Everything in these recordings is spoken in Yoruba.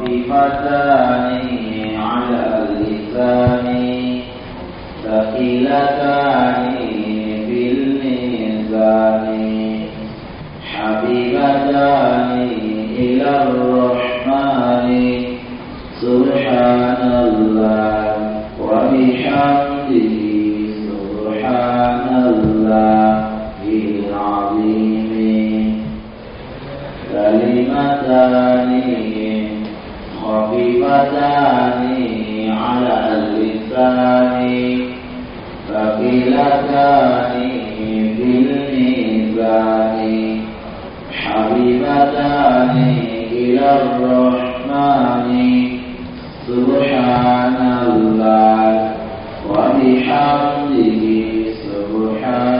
خفيفتان على اللسان ثقيلتان في الميزان حبيبتان إلى الرحمن سبحان الله وبحمده سبحان الله العظيم كلمتان خفيفتان على اللسان ثقيلتان في الميزان حبيبتان إلى الرحمن سبحان الله وبحمده سبحان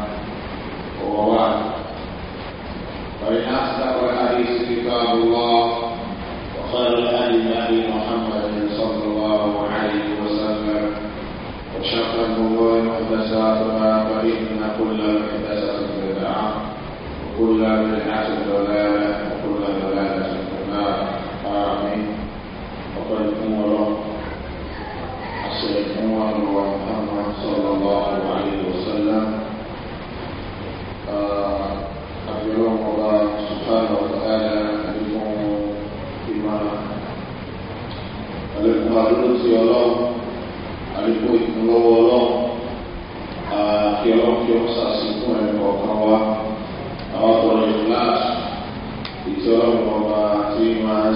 ووعد فإن أصدق الحديث كتاب الله وخير الهدي هدي محمد صلى الله عليه وسلم وشق الأمور محدثاتها فإن كل محدثة بدعة وكل بدعة ضلالة وكل ضلالة في النار آمين وقد أمر السيد عمر محمد صلى الله عليه وسلم àbẹ̀rẹ̀ ọmọba sùpáàlù ọ̀tàdà nínú ìmọ̀ràn àlékún àdúró ti ọlọ́run àlékún ìkúnlọ́wọ́ ọlọ́run àti ọlọ́run tí ó ń sàṣìkún ẹ̀ kọ̀ọ̀kan wa àwọn ọ̀rọ̀ ìfúláàsì ìtọ́lọ́run ọba tí máa ń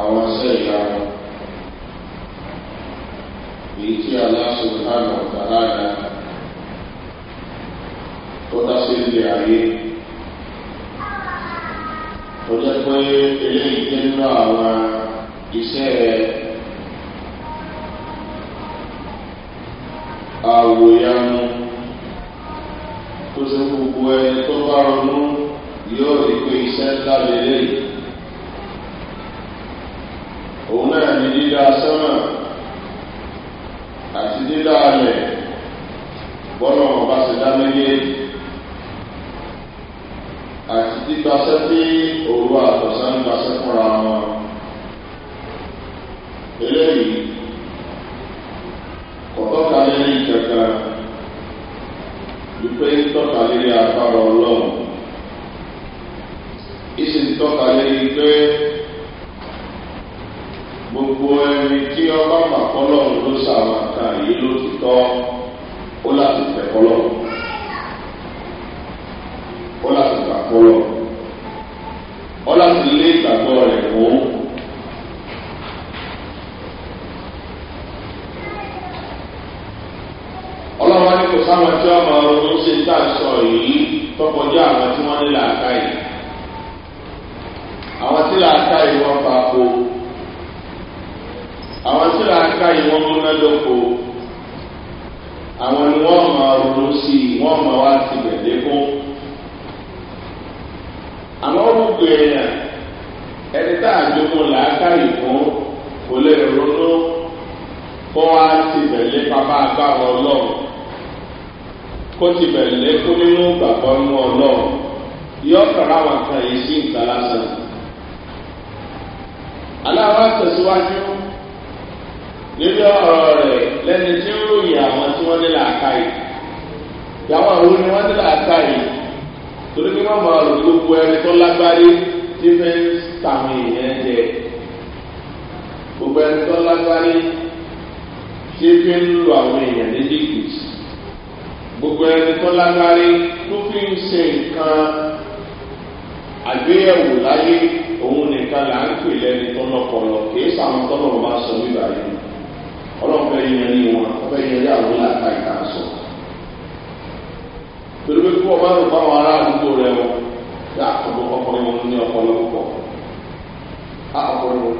àwọn iṣẹ́ ìyára èyí tí aláṣọ ìhànà ọ̀tàlára tó dá sí ilé ayé tó jẹ́ pé eléyìí jẹ́ nínú àwọn iṣẹ́ àwòyanu tó ṣe gbogbo ẹni tó bá ronú yóò rí pé iṣẹ́ ńlá lélẹ́yìí òun náà ní dídá sánmà àti dídá alẹ̀ bọ́lá ọba ṣe dá méjèèjì àti gbígbasẹ́ tí òru àtọ̀sán ń gbasẹ́ fúnra wọn. eléyìí kò tọ́ka lórí ìjẹ̀ka wípé ń tọ́ka lórí agbára ọlọ́run ìsìn tọ́ka lórí pé gbogbo ẹni tí ọba màkọ́lọ́run ló sàwọn kan yìí ló ti tọ́ ó láti fẹ́ kọ́lọ́run ó láti gbà kọ́lọ́run.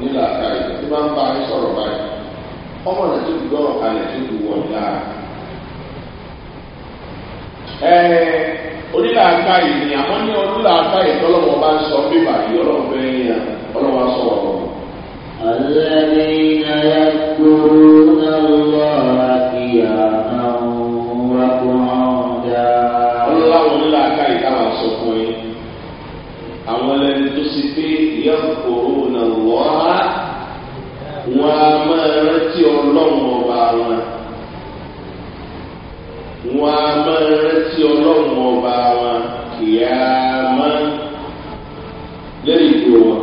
nílà ká yìí tí máa ń bá yín sọ̀rọ̀ báyìí ọmọ rẹ̀ tó ti gbọ́rọ̀ kalẹ̀ tó ti wọ̀ dá. onílà ká yìí ni àmọ́ ní onílà ká yìí tọ́lọ́wọ́ bá ń sọ bíbà yìí ọlọ́wọ́ bẹ́ẹ̀ yẹn ọlọ́wọ́ sọ̀rọ̀ lọ. الذين يذكرون الله قياما وقعودا الله ولا كاي كما سوكوي أولا تسيبي يذكرون wọn a máa rántí ọlọ́run ọba wọn wọn a máa rántí ọlọ́run ọba wọn kìá máa lẹ́yìn ìdó wọn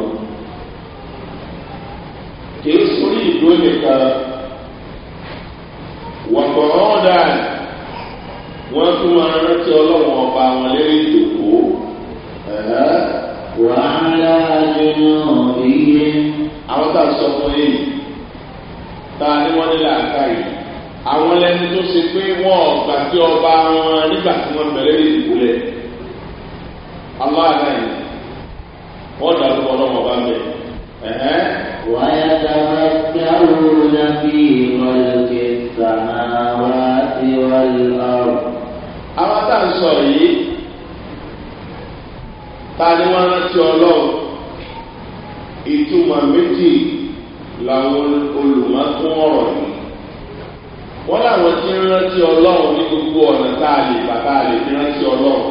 kìí sórí ìdó nìkan wàgbọ̀n ọ̀dà wọn tún máa rántí ọlọ́run ọba wọn lẹ́yìn ìdòkó. وعلى جنوبهم àwọn tá a sọ fún yìí tá a ní wọ́n ní làákà yìí àwọn lẹni tó ṣe pé wọn ọgbà tí ọba wọn nígbà tí wọn bẹ̀rẹ̀ ìdìbòlẹ̀ aláàdá yìí wọ́n dàrú ọlọ́wọ́ bá bẹ̀ ẹ̀hẹ́. wáyà dábà kí á wò lábí ìwọlùkẹ́ sàmáwá sí wàlúwàrú. àwọn tá a sọ yìí ta ni wọ́n rántí ọlọ́run ìtumọ̀ méjì làwọn olùmọ̀tún ọ̀rọ̀ yìí. wọ́n láwọn tí ń rántí ọlọ́run ní gbogbo ọ̀nà tá a lè gbà tá a lè fi rántí ọlọ́run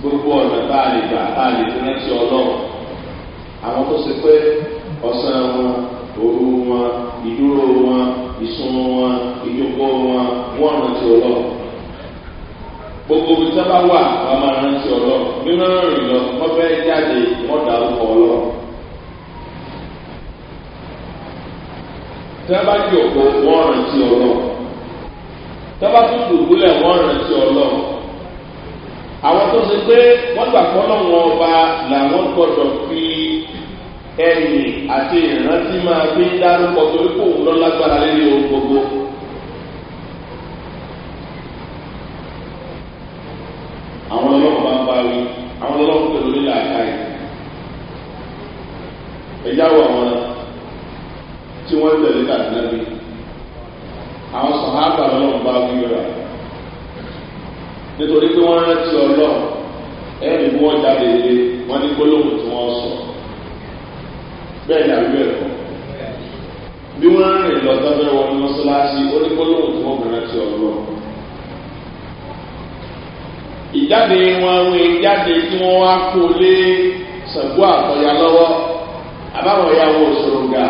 gbogbo ọ̀nà tá a lè gbà tá a lè fi rántí ọlọ́run àwọn tó ṣe pé ọ̀sán wọn òru wọn ìdúró wọn ìsun wọn ìjókòó wọn wọ́n rántí ọlọ́run gbogbo bí sábà wà wọn máa rántí ọlọ bí wọn rìn lọ wọn fẹẹ jáde wọn dà ó kọ ọlọ. sábà di òkò wọn rántí ọlọ sábà tún dùbúlẹ̀ wọn rántí ọlọ àwọn tó ṣe pé wọn gbà kọ́ lọ́wọ́ ọba làwọn gbọdọ̀ fi ẹ̀yìn àti ìrántí máa fi dárúkọ torí kò ń lágbára lórí ohun gbogbo. wí àwọn ọlọ́run pẹ̀lú nílẹ̀ àkáyè ẹ̀yà wọ àwọn tí wọ́n tẹ̀lé kàdínà bí àwọn sàhábà ọlọ́run bá wí rà nítorí pé wọ́n rántí ọlọ́run ẹ̀rì bí wọ́n jáde lé wọ́n ní gbólóhùn tí wọ́n sọ bẹ́ẹ̀ ni àbí ẹ̀kọ́ bí wọ́n rìn lọ sábẹ́ wọn ní mọ́ṣáláṣí ó ní gbólóhùn tí wọ́n rántí ọlọ́run ìjáde wọn wé jáde kí wọ́n wá kó lé sàgbó àkọyà lọ́wọ́ àbáwọn ìyàwó òṣòro ga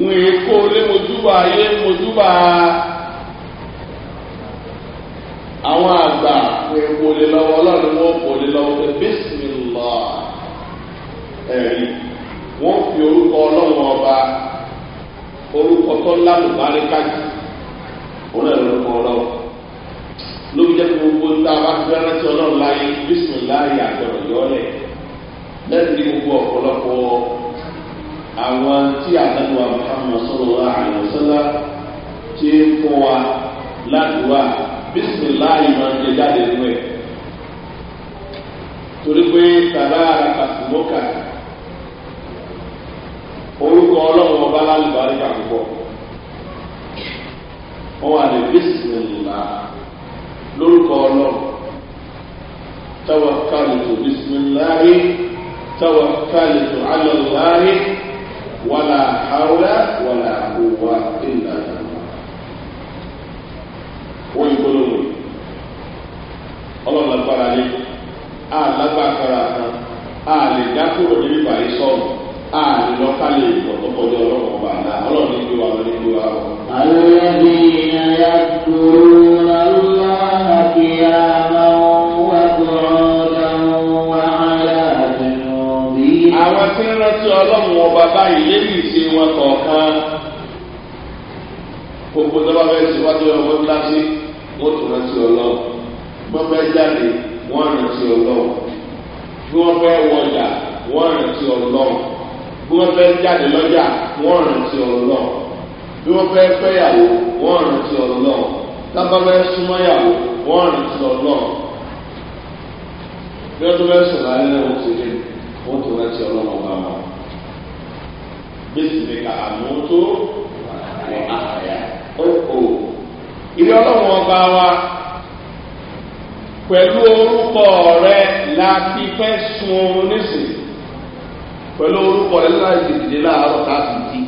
wọn èkó lé mojúbà ayé mojúbà àwọn àgbà wọn èkó lé lọ́wọ́ ọlọ́run wọn kò lé lọ́wọ́ pé bísímìlá ẹ̀rí wọ́n fi orúkọ ọlọ́run ọba orúkọ tó lálùbáríkà jù wọn lè lọ́kọ ọlọ́run jẹ́ gbogbo tá a bá ti fẹ́ràn tí ọlọ́run láyé bísíláyé àgbọ̀dọ̀ yọ̀ọ́lẹ̀ lẹ́nu ní gbogbo ọ̀pọ̀lọpọ̀ àwọn tí àtàkùn àmọ́ sọ̀rọ̀ àwọn sọ́lá tí ń fún wa ládùúgbà bísíláyé máa ń jẹ jáde nínú ẹ̀ torí pé tàbá àkàtúmọ́kà orúkọ ọlọ́run ọba lálùbáríkà púpọ̀ wọ́n wà ní bísíláyé. lórúkọ ọlọ́run táwa kálùtù bisimiláhi táwa kálùtù alọ́láhi wàlà àwòrán wàlà àwòwà wọ́n yìí gbólóhùn ọlọ́run lágbára lé a lágbára kára kan a lè dá kúrò níbi bàyí a lè lọ ká lè tó kọjá ọlọ́run ọba ọlọ́run ní gbé wa lọ ní gbé wa. àwọn yà kúrò. fi ń rántí ọlọ́run ọba báyìí lẹ́yìn ìṣe wọn kọ̀ọ̀kan gbogbo dọ́gba bẹ́ẹ̀ ti wá tó yọ wọ́n láti wọ́n tún rántí ọlọ́run wọ́n fẹ́ jáde wọ́n rántí ọlọ́run bí wọ́n fẹ́ wọjà wọ́n rántí ọlọ́run bí wọ́n fẹ́ jáde lọ́jà wọ́n rántí ọlọ́run bí wọ́n fẹ́ fẹ́yàwó wọ́n rántí ọlọ́run lábàbẹ́ súnmọ́yàwó wọ́n rántí ọlọ́run bí wọ́n tó fẹ́ sọ̀rọ̀ alẹ́ náà wọ́n ti dé ó tó rántí ọlọ́mọ bá wọn. Bẹ́sì mi kà àmú tó wọ àyà ó kò. Ilé ọlọ́mọ bá wa pẹ̀lú orúkọ rẹ la fi fẹ́ sun oorun nísìn. Pẹ̀lú orúkọ rẹ láti dìde láàárọ̀ káàkiri jí.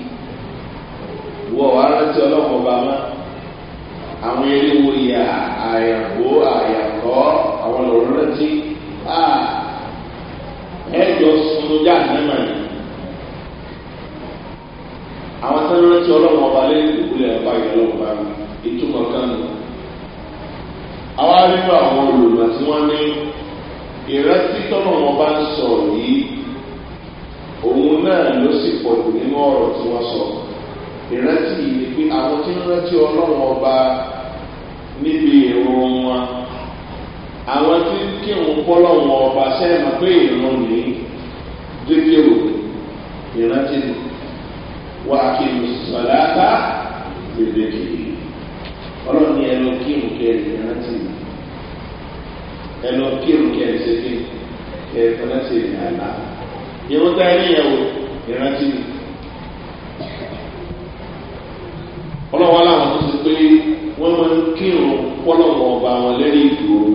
Wọ́n wá rántí ọlọ́mọ bá wọn. Àwọn eléwo yà àyàwó àyàkọ́ àwọn lòún rántí. Ah! ẹjọ sunujá nígbà yìí àwọn tó ń rántí ọba lẹ́yìn ìdúgbòlẹ̀ ẹ̀bá yìí ọlọ́run ọba mi ìtumọ̀ kánú. àwa àwọn olùmọ̀ tí wọ́n ní ìrántí tọ́lọ́run ọba ń yìí òun náà ló sì sọ. ìrántí yìí ni pé àwọn tí àwọn tí kírun pọ́lọ́ wọn ọba sẹ́yìn máa pé ìran ní dédé o ìrántí ni wà á kí ni sàdáàtà dédé kì í ọlọ́run ní ẹnu kírun kẹrin ìrántí ni ẹnu kírun kẹrin ṣe kí kẹrin fọlá ṣe ìrànlá ìrún tá ẹni yẹn wò ìrántí ni ọlọ́wọ́ làwọn tó ti pé wọ́n máa ń kírun pọ́lọ́ wọn ọba wọn lẹ́yìn ìdúró.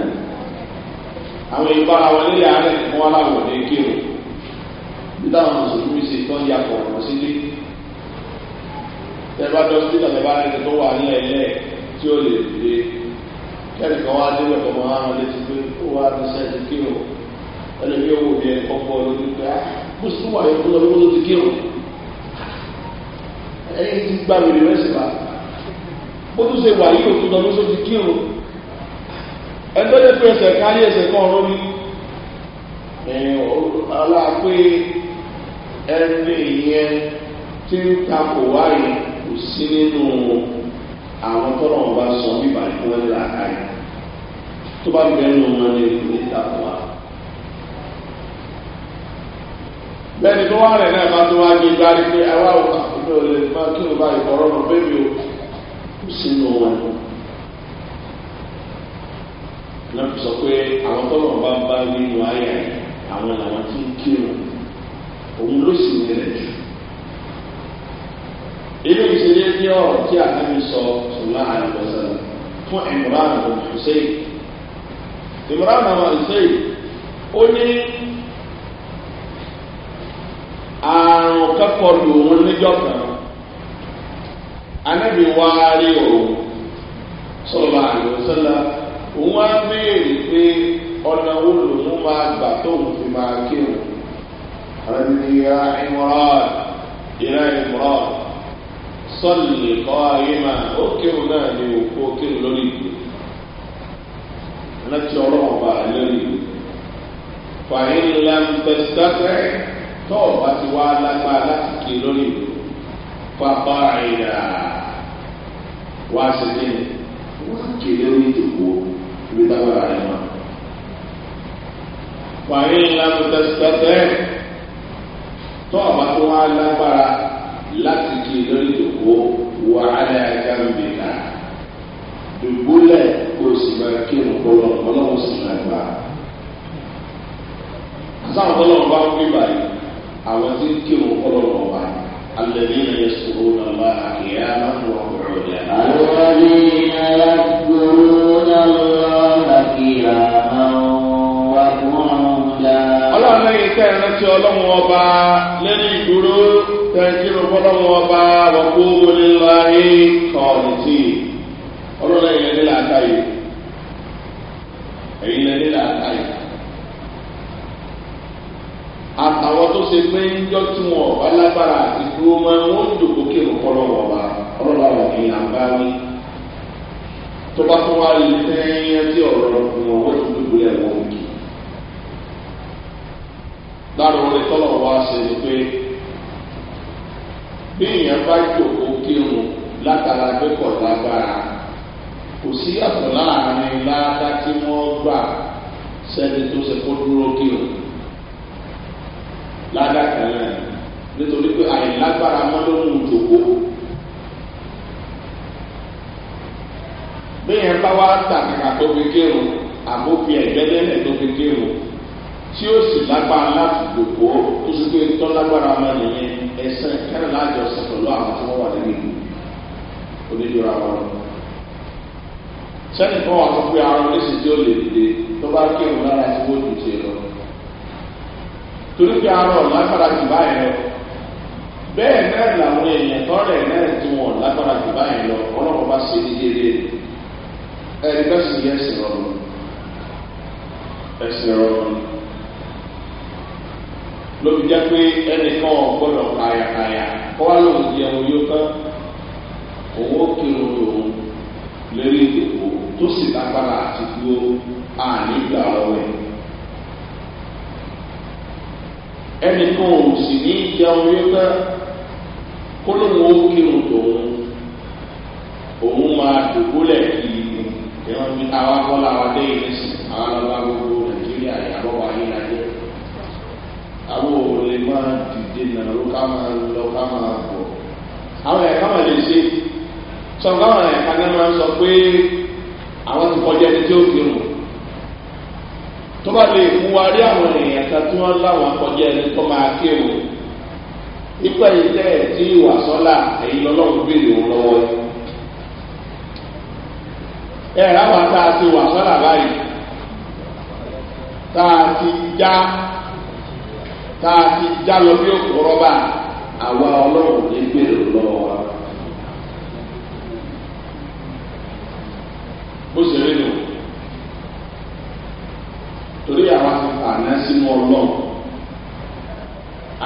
àwọn ìbára wọlé yà rẹ̀ wọ́n aláwọ̀ ní kírò nígbà wọn mùsùlùmí ṣe tán ya pọ̀ ọ̀rọ̀ sílé tẹ́lá jọ sí ìdàgbà rẹ̀ tó wà ní ẹ̀yẹ tí ó lè dìde kẹ́rì kan wá dé lọ́kọ̀ mọ́ àwọn létí pé ó wá ní sẹ́ẹ̀tì kírò ẹlẹ́bí owó bí ẹni kọ́kọ́ lójú pé á ah, bó sì wà yẹ kó lọ lówó ti kírò ẹ̀yìn ti gbàgbé rẹ̀ sì wà bó tún ṣe wà yìí òtún ẹjọ́ jẹ́ pé ẹsẹ̀ kárí ẹsẹ̀ kan ọ̀rọ̀ ní aláàpé ẹni ìyẹn tí ń takò wáyé kò sí nínú àwọn tọ́lọ̀ wọn bá sọ bí ìbàdí wọn ní làákàyè tó bá bẹ́ẹ̀ nù wọn ní ìlú ìtakò wá. bẹ́ẹ̀ni tó wá rẹ̀ náà bá tó wá gbé gbárí pé aláwọ̀ àkókò lè má kí ló bá ìkọ̀rọ̀ náà bẹ́ẹ̀ mi ò sí nínú wọn náà fi sọ pé àwọn tó lọ́wọ́ bá ń bá nínú àyà yìí àwọn làwọn ti ń kírun òun ló sì nílẹ̀ jù. ilé ìṣeré ní ọ̀rọ̀ tí àtàmì sọ ṣùgbọ́n àìbọ̀sẹ̀ fún ìmúràn àwọn ìṣẹ́yìn. ìmúràn àwọn ìṣẹ́yìn ó ní àrùn kẹ́kọ̀ọ́ lòun níjọ́ kan anábìwárí òun sọ̀rọ̀ àìbọ̀sẹ̀ lọ òun á béèrè pé ọ̀nà wo lòun máa gbà tóun fi máa kírun àrẹ́bíyá ìmọ̀ràn ìrẹ́ ìmọ̀ràn sọ́ọ̀lì kọ́ ayé máa ó kírun náà ni òkú ó kírun lórí ìgbè láti ọlọ́run bá a lórí ìgbè fàyín lantẹ́sítẹ́sẹ́ tọ́ọ̀ bá ti wá lágbára láti kí lórí ìgbè pápá ìyá wá sí ní wọ́n kí lórí ìdìbò. ibi tágbára rẹ̀ mọ́. wàhálà ńlá mo tẹ́sítẹ́sẹ́ tó ọ̀bà tó wá lágbára láti kí lórí ìdòkó wàhálà ẹ̀ka ń bè ká. dùgbúlẹ̀ o sì máa kí òun kọ́ lọ́wọ́ ọlọ́run الذين يذكرون الله قياما وقعودا الذين يذكرون الله قياما وقعودا ọlọ́run lẹ́yìn tẹ́ ẹ̀rọ tí ọlọ́run ọba lẹ́nu ìdúró tẹ̀síro fọlọ́run ọba wọ́pọ̀ wọlé láyé kọ́ọ̀lù tí ọlọ́run lẹ́yìn lẹ́lẹ́ làákàyè ẹ̀yìn lẹ́lẹ́ làákàyè àtàwọn tó ṣe pé ń jọ tí wọn ọba lágbára àti dúró mọ wọn ń dògbò kí èrò kọlọ wọn ọba ọlọlá wọn ni à ń bá wí. tó bá tún wá rí i fẹ́ẹ́yẹ́ tí ọ̀rọ̀ ọ̀gbìn wọn wọ́n ti dúró lẹ́wọ̀ òkè. lára orin tọ́lọ̀ wá ṣe ni pé bí èèyàn bá jòkó kírun látara gbẹ́kọ̀ lágbára kò sí àtọ̀ láàrin ládá tí wọ́n gbà sẹ́ni tó ṣe kó dúró kírun ládàkà náà nítorí pé àìlágbára mọ́ ló mú un jòkó. bẹ́ẹ̀ bá wá tàkàkà tó fi kírun àbófin ẹ̀gbẹ́dẹ́lẹ̀ tó fi kírun tí ó sì lágbára láti jòkó tó sì pé tó lágbára mọ́ nìyẹn ẹ̀sẹ̀ kẹrìnlá àjọṣe pẹ̀lú àwọn tí wọ́n wà nínú ìlú onídìrà wọn sẹ́ni kan wà fún pé àwọn oníṣèjì ò lè dìde tó bá kírun lára tí wọ́n jù tiẹ̀ lọ torí pé arọ lágbára jù báyìí lọ bẹ́ẹ̀ náà làwọn èèyàn tọ́lẹ̀ náà tí wọ́n lágbára jù báyìí lọ ọlọ́pàá bá ṣe ní dédé ẹni bá sì yẹ ẹsẹ̀ rọrùn ẹsẹ̀ rọrùn lóbi jẹ́ pé ẹnìkan gbọ́dọ̀ kàyàkàyà kó wá lóun di ẹ̀wọ̀n yóò tán owó kìlọ̀ lòun lórí ìdìbò tó sì lágbára àti dúró àní ìgbà lọ́wọ́ ẹ̀. ẹnì kan ò sì ní jẹun yóká kó lóun ó kírun tòun òun máa dògbólẹ̀ kí ìran bí àwa kọ́lá wa dé ìrísí àwa lọ bá gbogbo nàìjíríà ìyàbọ̀ wa yé láyé àwọn ò lè máa dìde nàá ló ká máa lọ ká máa bọ̀ àwọn ẹ̀ka máa lè ṣe sọ fún ẹ̀ka náà máa sọ pé àwọn ti kọjá ẹni tí ó kírun. tó bá lè mú wa rí àwọn èèyàn kan tí wọ́n láwọn akọjá ẹni tó máa nípa tí ìwà sọ́là èyí lọ́lọ́run béèrè òun lọ́wọ́ yìí. ẹ tá a ti wà sọ́là báyìí tá a ti já tá a ti já lọ bí òkú rọ́bà àwa ọlọ́run torí àwa ti fàánà sínú ọlọ́run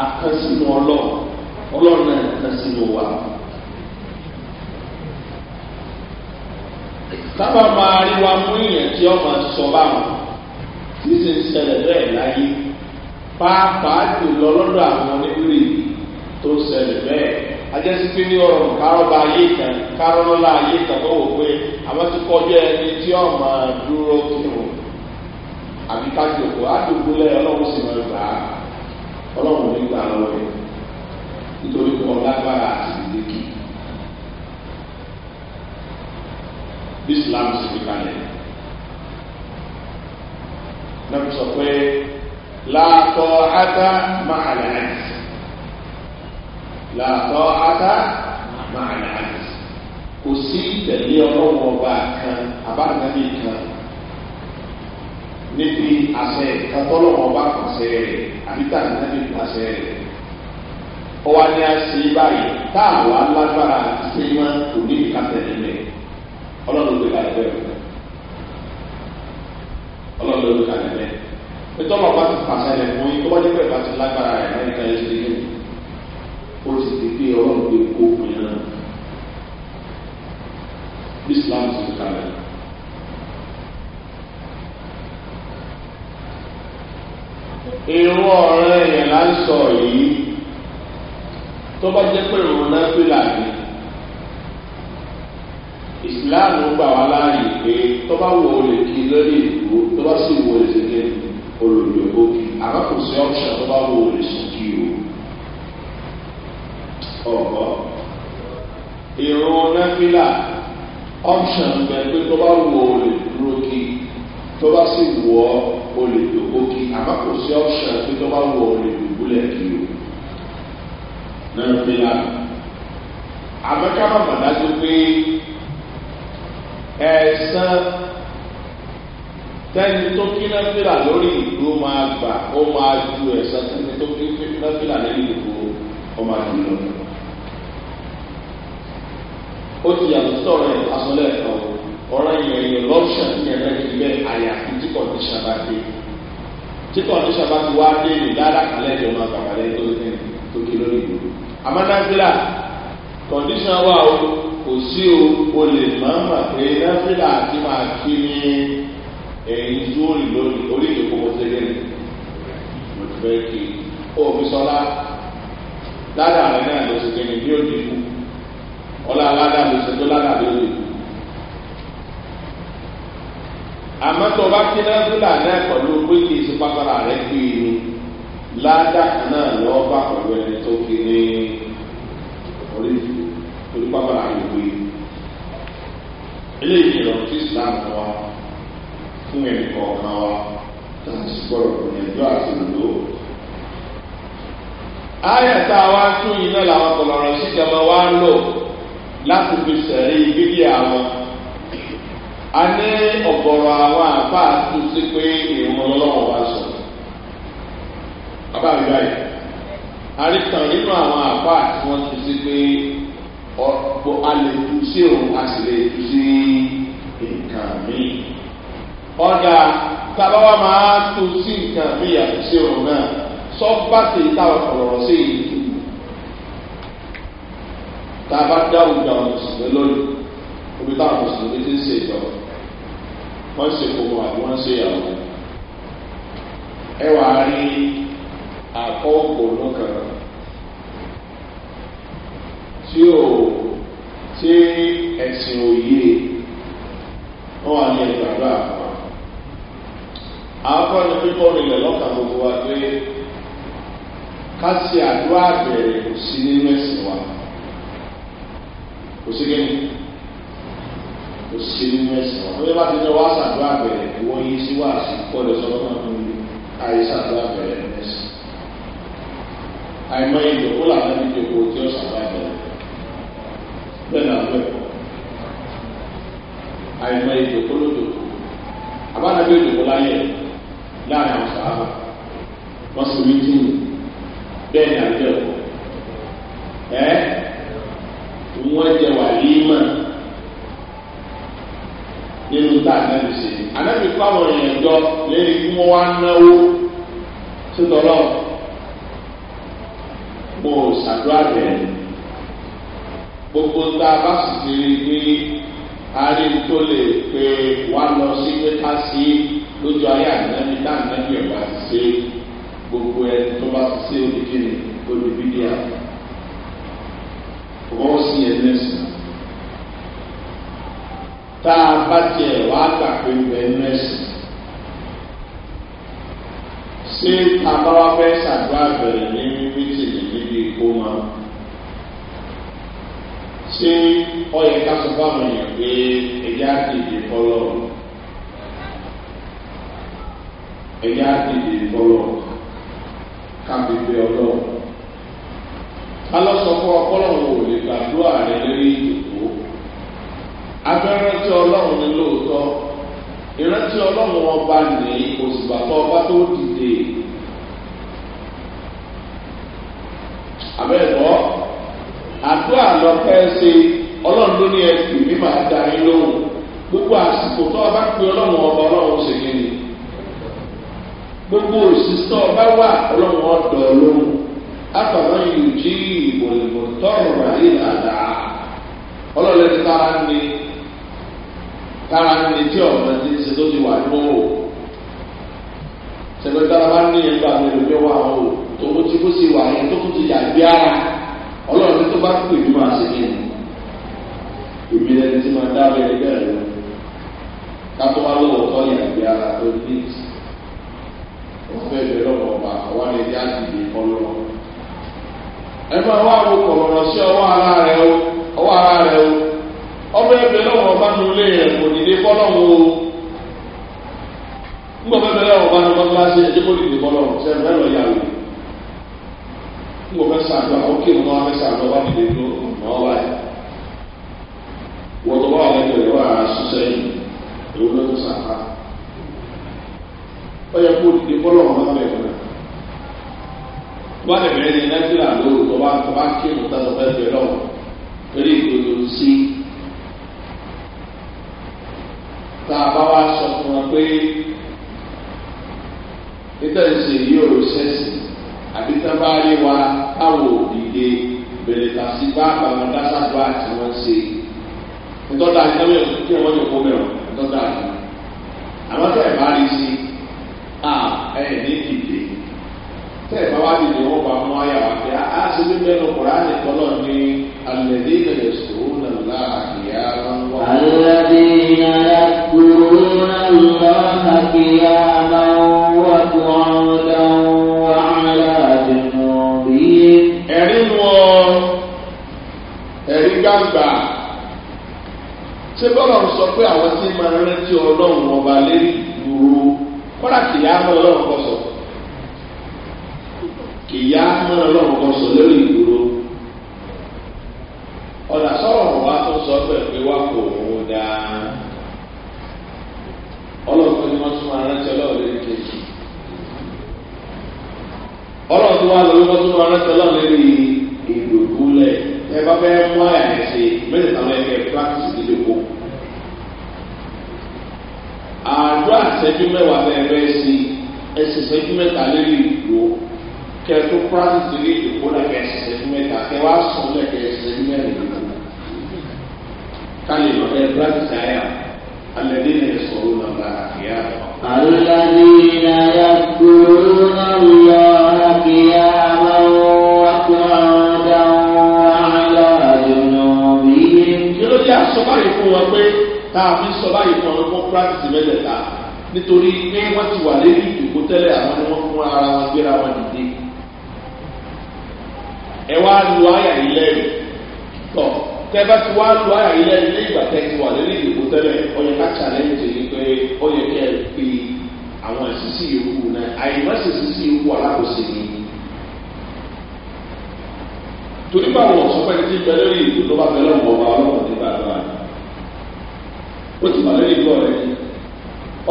akẹ́ sínú ọlọ́run ọlọ́run náà kẹ́ sínú wa. sábà máa rí wa mú ìyẹn tí ọmọ sọ báwọn tí sì ń ṣẹlẹ̀ bẹ́ẹ̀ láyé pàápàá jùlọ lọ́dọ̀ àwọn oníbìrì tó ṣẹlẹ̀ bẹ́ẹ̀ ajẹ́sí pé ní ọ̀rọ̀ kárọ́ba ayé kan kárọ́lọ́lá ayé kan tó wò pé àwọn ti kọjú ẹni tí ọmọ dúró kí wọ́n àbí káàdì òkú àdókò lẹ́yìn ọlọ́run sì máa gbà á ọlọ́run ní gbà lọ́wọ́ yẹn nítorí pé ọlágbára àti ìdíkì islam sì fi kalẹ̀ náà sọ pé làtọ̀ ata máa lẹ̀ àti làtọ̀ ata máa lẹ̀ àti kò sí tẹ̀lé ọlọ́run ọba kan àbáńdábì kan níbi àṣẹ ìkatọ́lọ̀ wọn bá pàṣẹ rẹ̀ àbíta níbi pàṣẹ rẹ̀. ọwọ́ ni a ṣe báyìí tá àwa lágbára ṣe máa kò ní ìkàtẹ̀ nílẹ̀ ọlọ́run ló kalẹ̀ bẹ́ẹ̀ ọlọ́run ló kalẹ̀ bẹ́ẹ̀ nítorí ọba ti pàṣẹ rẹ̀ fún yín tó wọ́n dẹ́gbẹ̀ẹ́ bá lágbára rẹ̀ láyìíká yẹn ṣe yẹn ó sì ti gbé ọlọ́run gbé kó òkun náà islam ti kalẹ̀ irú ọ̀rẹ́ yẹn là ń sọ yìí tó bá jẹ́ pé òun náà fi là ní ìsìláàmù gbà wá láàyè pé tó bá wọ olè kí lórí ìlú tó bá sì wọ olè ṣẹlẹ̀ olùdó òkè àmọ́ ọ̀ṣà tó bá wọ olè sùn kí o ọ̀pọ̀ irun náà ọ̀ṣà ń bẹ pé tó bá wọ olè tó bá sì wọ ọ lè dògbò kí àmọ́ kò ọ̀ṣà pé tó bá wọ ọ lè dògbò lẹ́kì o náà fi la àmọ́ ká má bàdá tó pé ẹ̀sán tẹ́ni tó kí náà fi là lórí ìlú máa gbà ó máa ju ẹ̀sán tẹ́ni tó kí náà lórí ìlú ó máa ju lọ. ó ti yàtọ̀ sọ̀rọ̀ ẹ̀ asọ́lẹ̀ kan o ọ̀rọ̀ yẹn yẹn lọ́ṣọ̀n ní ẹ̀rọ ìgbẹ́ àyàfi tí kọ̀ǹdíṣà bá dé tí kọ̀ǹdíṣà bá ti wá dé ní lára kalẹ̀ ẹ̀jọ̀ máa bàbá rẹ̀ tó ní tó kí lórí ìlú. amánásílà kọ̀ǹdíṣà wà o kò sí o o lè máa mà pé násílà ti máa kí ní ẹ̀yìn tó rìn lórí orí ìdókòwò sẹ́gẹ̀rì mo ti fẹ́ kí òfin sọlá ládàá rẹ̀ náà lọ àmọ́ tó o bá kí náà fúlà náà pẹ̀lú pé kì í ṣe pápára rẹ̀ kú ìní ládàá náà lọ́ọ́ bá pẹ̀lú ẹni tó kí ní orí orí pápára rẹ̀ kú ìní. eléyìí lọ sí islam wa fún ẹnì kọ̀ọ̀kan wa tá a sì gbọ́dọ̀ gbìyànjú àti lò ó. ayé tá a wá tún iná làwọn kọ̀lọ̀rọ̀ sí ìjọba wa ń lò láti fi sẹ̀rí ìgbéyàwó a ní ọ̀gọ̀rọ̀ àwọn àbá tún sí pé ìrún ọlọ́wọ́ wa sọ abáàrí báyìí àríkàn nínú àwọn àbá tí wọ́n tún sí pé ọ̀pọ̀ alẹ́kùn sí òun a sì lè tún sí nǹkan míì ọ̀dà tábà wà máa tún sí nǹkan míì yàtọ̀ sí òun náà sọ́gbà tí táwọn kọ̀ọ̀rọ̀ sí ìlú tábà dáhùn dáhùn sí lónìí omi táwọn mùsùlùmí ti ń ṣe ìjọba wọ́n ṣe kòmọ̀ àti wọ́n ṣe ìyàwó ẹ wà á rí àkọ́kọ́ lọ́kàn tí ò tí ẹ̀sìn òye wọ́n wà ní ìgbàgbọ́ àpá àkọ́kọ́ ni pípọ́ nílẹ̀ lọ́kàn gbogbo wa pé ká ṣe àdúrà bẹ̀rẹ̀ kò sí nínú ẹ̀sìn wa kò sí kí kò sí nínú ẹ̀sìn wọn. bóyá bá ti ní wàá sàdúrà bẹ̀rẹ̀ ìwọ yìí sí wàá sí kọ́lẹ̀ sọ́kọ́ náà fún mi àyè sàdúrà bẹ̀rẹ̀ nínú ẹ̀sìn. àìmọ ìjọ kó làwọn ẹni tó kó tí ó sàdúrà bẹ̀rẹ̀ bẹ́ẹ̀ náà bẹ́ẹ̀ kọ́. àìmọ ìjọ kó ló dòkó. àbánagbé ìjọ láyé láàrin àwọn sàábà wọ́n sì wí tìǹ bẹ́ẹ̀ ni àjẹ́ fáwọn èèyàn jọ lérí kí wọ́n wá náwó sótọ́lọ́ mo ṣàdúrà bẹ̀rẹ̀ gbogbo tá a bá sì ti rí i pé ari tó lè pe wá lọ sí pé ká sí lójú ayé ànábi tá ọ̀gá ti ṣe gbogbo ẹ tó bá ti ṣe olùkíni olùbídíà wọ́n sì ẹ̀ mẹ́sì tá a bá tiẹ̀ wá gbà pé bẹ́ẹ̀ nẹ́sìn ṣé àbáwá fẹ́ ṣàdúrà bẹ̀rẹ̀ ní mímítì ní níbi ikú ma ṣé ọyẹ ká sọ fáwọn èèyàn pé ẹ̀yà dìde kọ́lọ̀ ẹ̀yà dìde kọ́lọ̀ kábí pé ọlọ́ọ̀ alọ́sọ̀kọ́ ọpọlọ́wọ́ ò lè gbàdúrà rẹ lórí ìlú abẹ́rántí ọlọ́run ní lóòótọ́ ìrántí ọlọ́run ọba ní òṣùpá tó ọba tó dìde abẹ́ẹ̀kọ́ àdúrà lọ́pẹ́ ṣe ọlọ́run ló ní ẹ̀sìn bí màá da yín lóhùn gbogbo àsìkò tó ọba pé ọlọ́run ọba ọlọ́run ṣe kí ni gbogbo òṣìṣẹ́ ọba wà ọlọ́run ọ̀dọ̀ lóhùn àtàwọn yìí jí ìbò ìbò tọrọ rà yìí ọlọ́run ẹni tára ń ní kára ní tí ọ̀nà ti ṣe tó ti wà nínú o sẹ̀gbẹ́tara bá ní ẹgbà mẹ́rin pé wà o tòun ti kó sí wà yẹn tó tún ti yàgbé ara ọlọ́run tó bá kú ìlú máa ṣe kí ni èmi tí máa dábẹ́ ẹgbẹ́ rẹ kátó wá lọ́wọ́ tọ́ yàgbé ara tó ní ọ̀fẹ́ ìbẹ̀rẹ̀ ọ̀rọ̀ ọ̀pá àwọn ẹni á ti lè kọ́ lọ́wọ́ ẹ máa wá sí ọwọ́ ara rẹ o ọwọ́ ara rẹ o ọbẹ̀ ẹbẹ̀ lọ́wọ́ ọba ní ilé ẹ̀ kò dìde bọ́lọ́wọ́ ngbọ̀bẹ̀ ẹbẹ̀ lọ́wọ́ ọba ní ọba ńlá sí ẹjẹ́ kò dìde bọ́lọ́wọ́ sẹ́yìn bẹ́ẹ̀ lọ yàwó ngbọ̀bẹ̀ sàdúrà ó kí ìmọ̀ abẹ́ sàdúrà wá dìde tó ọ̀nà ọba yẹn wọ́n tó bá wà lẹ́yìn rẹ̀ wá ṣiṣẹ́ yìí èwo ló ń sàkà ó yẹ kó dìde bọ́lọ́wọ́ má bẹ̀rẹ̀ náà wọ́n lè ní nàìjíríà lóru tó bá kí ìmọ̀ tá tá a bá wá sọ fún wọn pé nítòsí yóò ṣẹ̀sì àbí tá a bá rí wa táwọn òdìdè bẹ̀rẹ̀ tàṣí bá àbàwọn dásàgbà tí wọ́n ṣe ntọ́ta ìtọ́wé kí wọ́n yọ kó mẹ́rọ ntọ́ta àti àwọn tẹ́ ẹ̀ bá rí sí a ẹ̀ ní ìdè tẹ́ ẹ̀ bá wá dìde wọ́n bá mú ayà wá pé a ṣe bí mẹ́nu kọ̀ọ̀rọ̀ àti tọ́lọ̀ ní alẹ́ ní ìbẹ̀rẹ̀ sòwò والذين يذكرون الله قياما وقعودا وعلى جنوبهم ẹ̀rí wọn ẹ̀rí gbàgbà ṣé bọ́lá ń sọ pé àwọn tí máa rántí ọlọ́run ọba lérí ìgboro kọ́lá kìyà mọ́ ọlọ́run kọ́sọ̀ kìyà lórí ọ̀nà sọ̀rọ̀ wa tó sọ bẹ́ẹ̀ pé wà kò owó dáa ọlọ́run ni wọ́n tún máa rántí ọlọ́run lórí kejì ọlọ́run tó wà lórí wọ́n tún máa rántí ọlọ́run lórí ìdògúnlẹ̀ ẹ bá fẹ́ mú àyà yẹn ṣe mẹ́rin táwọn ẹgbẹ́ practice nídòkó àdúrà ṣẹ́jú mẹ́wàá bẹ́ẹ̀ bẹ́ẹ̀ sí ẹ̀sìn ṣẹ́jú mẹ́ta lórí ìdòkó kẹ tó practice ní ìdìbò náà kẹ ẹsẹ̀ ẹ̀dún mẹ́ta kẹ wá sùn lẹ́ kẹ ẹsẹ̀ ẹ̀dún mẹ́rin kálí ìlọ́kẹ́ practice ayà alẹ́ ní ẹ̀ sọ̀rọ̀ nàbà àkìyà. الذين يذكرون الله قياما وقعودا وعلى جنوبهم. kí ló dé àṣọ báyìí fún wọn pé fún practice mẹ́tẹ̀ẹ̀ta nítorí pé wọ́n ti wà lórí ìdìbò tẹ́lẹ̀ àwọn ni fún ara wọn gbéra wọn dìde ẹ wá lu àyà yìí lẹ́nu tọ́ tẹ bá ti wá lu àyà yìí lẹ́nu ní ìgbà tẹ ti wà lórí ìdìbò tẹ́lẹ̀ ọyẹ ká challenge yìí pé ọyẹ kẹ́ ẹ fi àwọn ìsísí yòókù náà àyìnbáṣe ìsísí yòókù alákòóso ni torí bá wọn sọ pé ti bẹ lórí ìdìbò tó bá bẹ lọ́wọ́ ọba ọlọ́wọ́ ti bá lọ́wọ́ ó ti wà lórí ìdìbò rẹ̀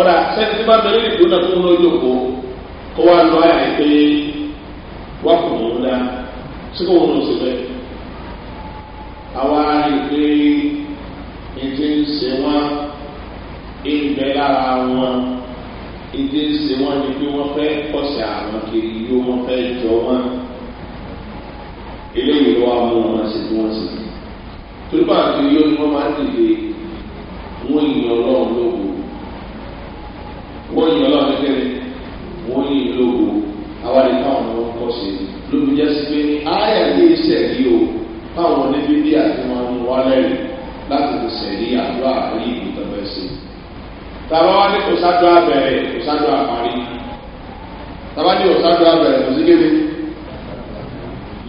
ọ̀dà sẹ́ni tí bá bẹ lórí ìdìbò náà tó ń lọ́jọ́ kó kó wá lọ́ àyà yìí pé wá kùn ún dáa tí kò wọ́n ṣe bẹ́ẹ̀. àwa rí i pé ètè ń ṣe wọ́n ìgbẹ́ lára wọn ètè ń ṣe wọ́n ni pé wọ́n fẹ́ kọ̀ṣẹ̀ àwọn kiri yóò wọ́n fẹ́ jọ wọ́n. eléyìí ló wá mú wọn ṣe bí wọ́n ṣe. torí bá kiri yóò ní wọ́n máa dìde wọ́n yìn ọlọ́run lógo wọ́n yìn ọlọ́run kékeré wọ́n yìn lógo àwa lè fáwọn ọmọ ọkọ̀ ṣe lóbi jẹ́ sí pé àyà yìí sẹ̀rí o táwọn oníbíbí àti wọn mú wá lẹ́rìí láti fi sẹ̀rí àdúrà àrí ìlú tẹ̀fẹ́ sí. tàbá wá ní kò sájọ́ abẹ̀rẹ̀ kò sájọ́ àparí tàbá ní kò sájọ́ abẹ̀rẹ̀ kò sí kéde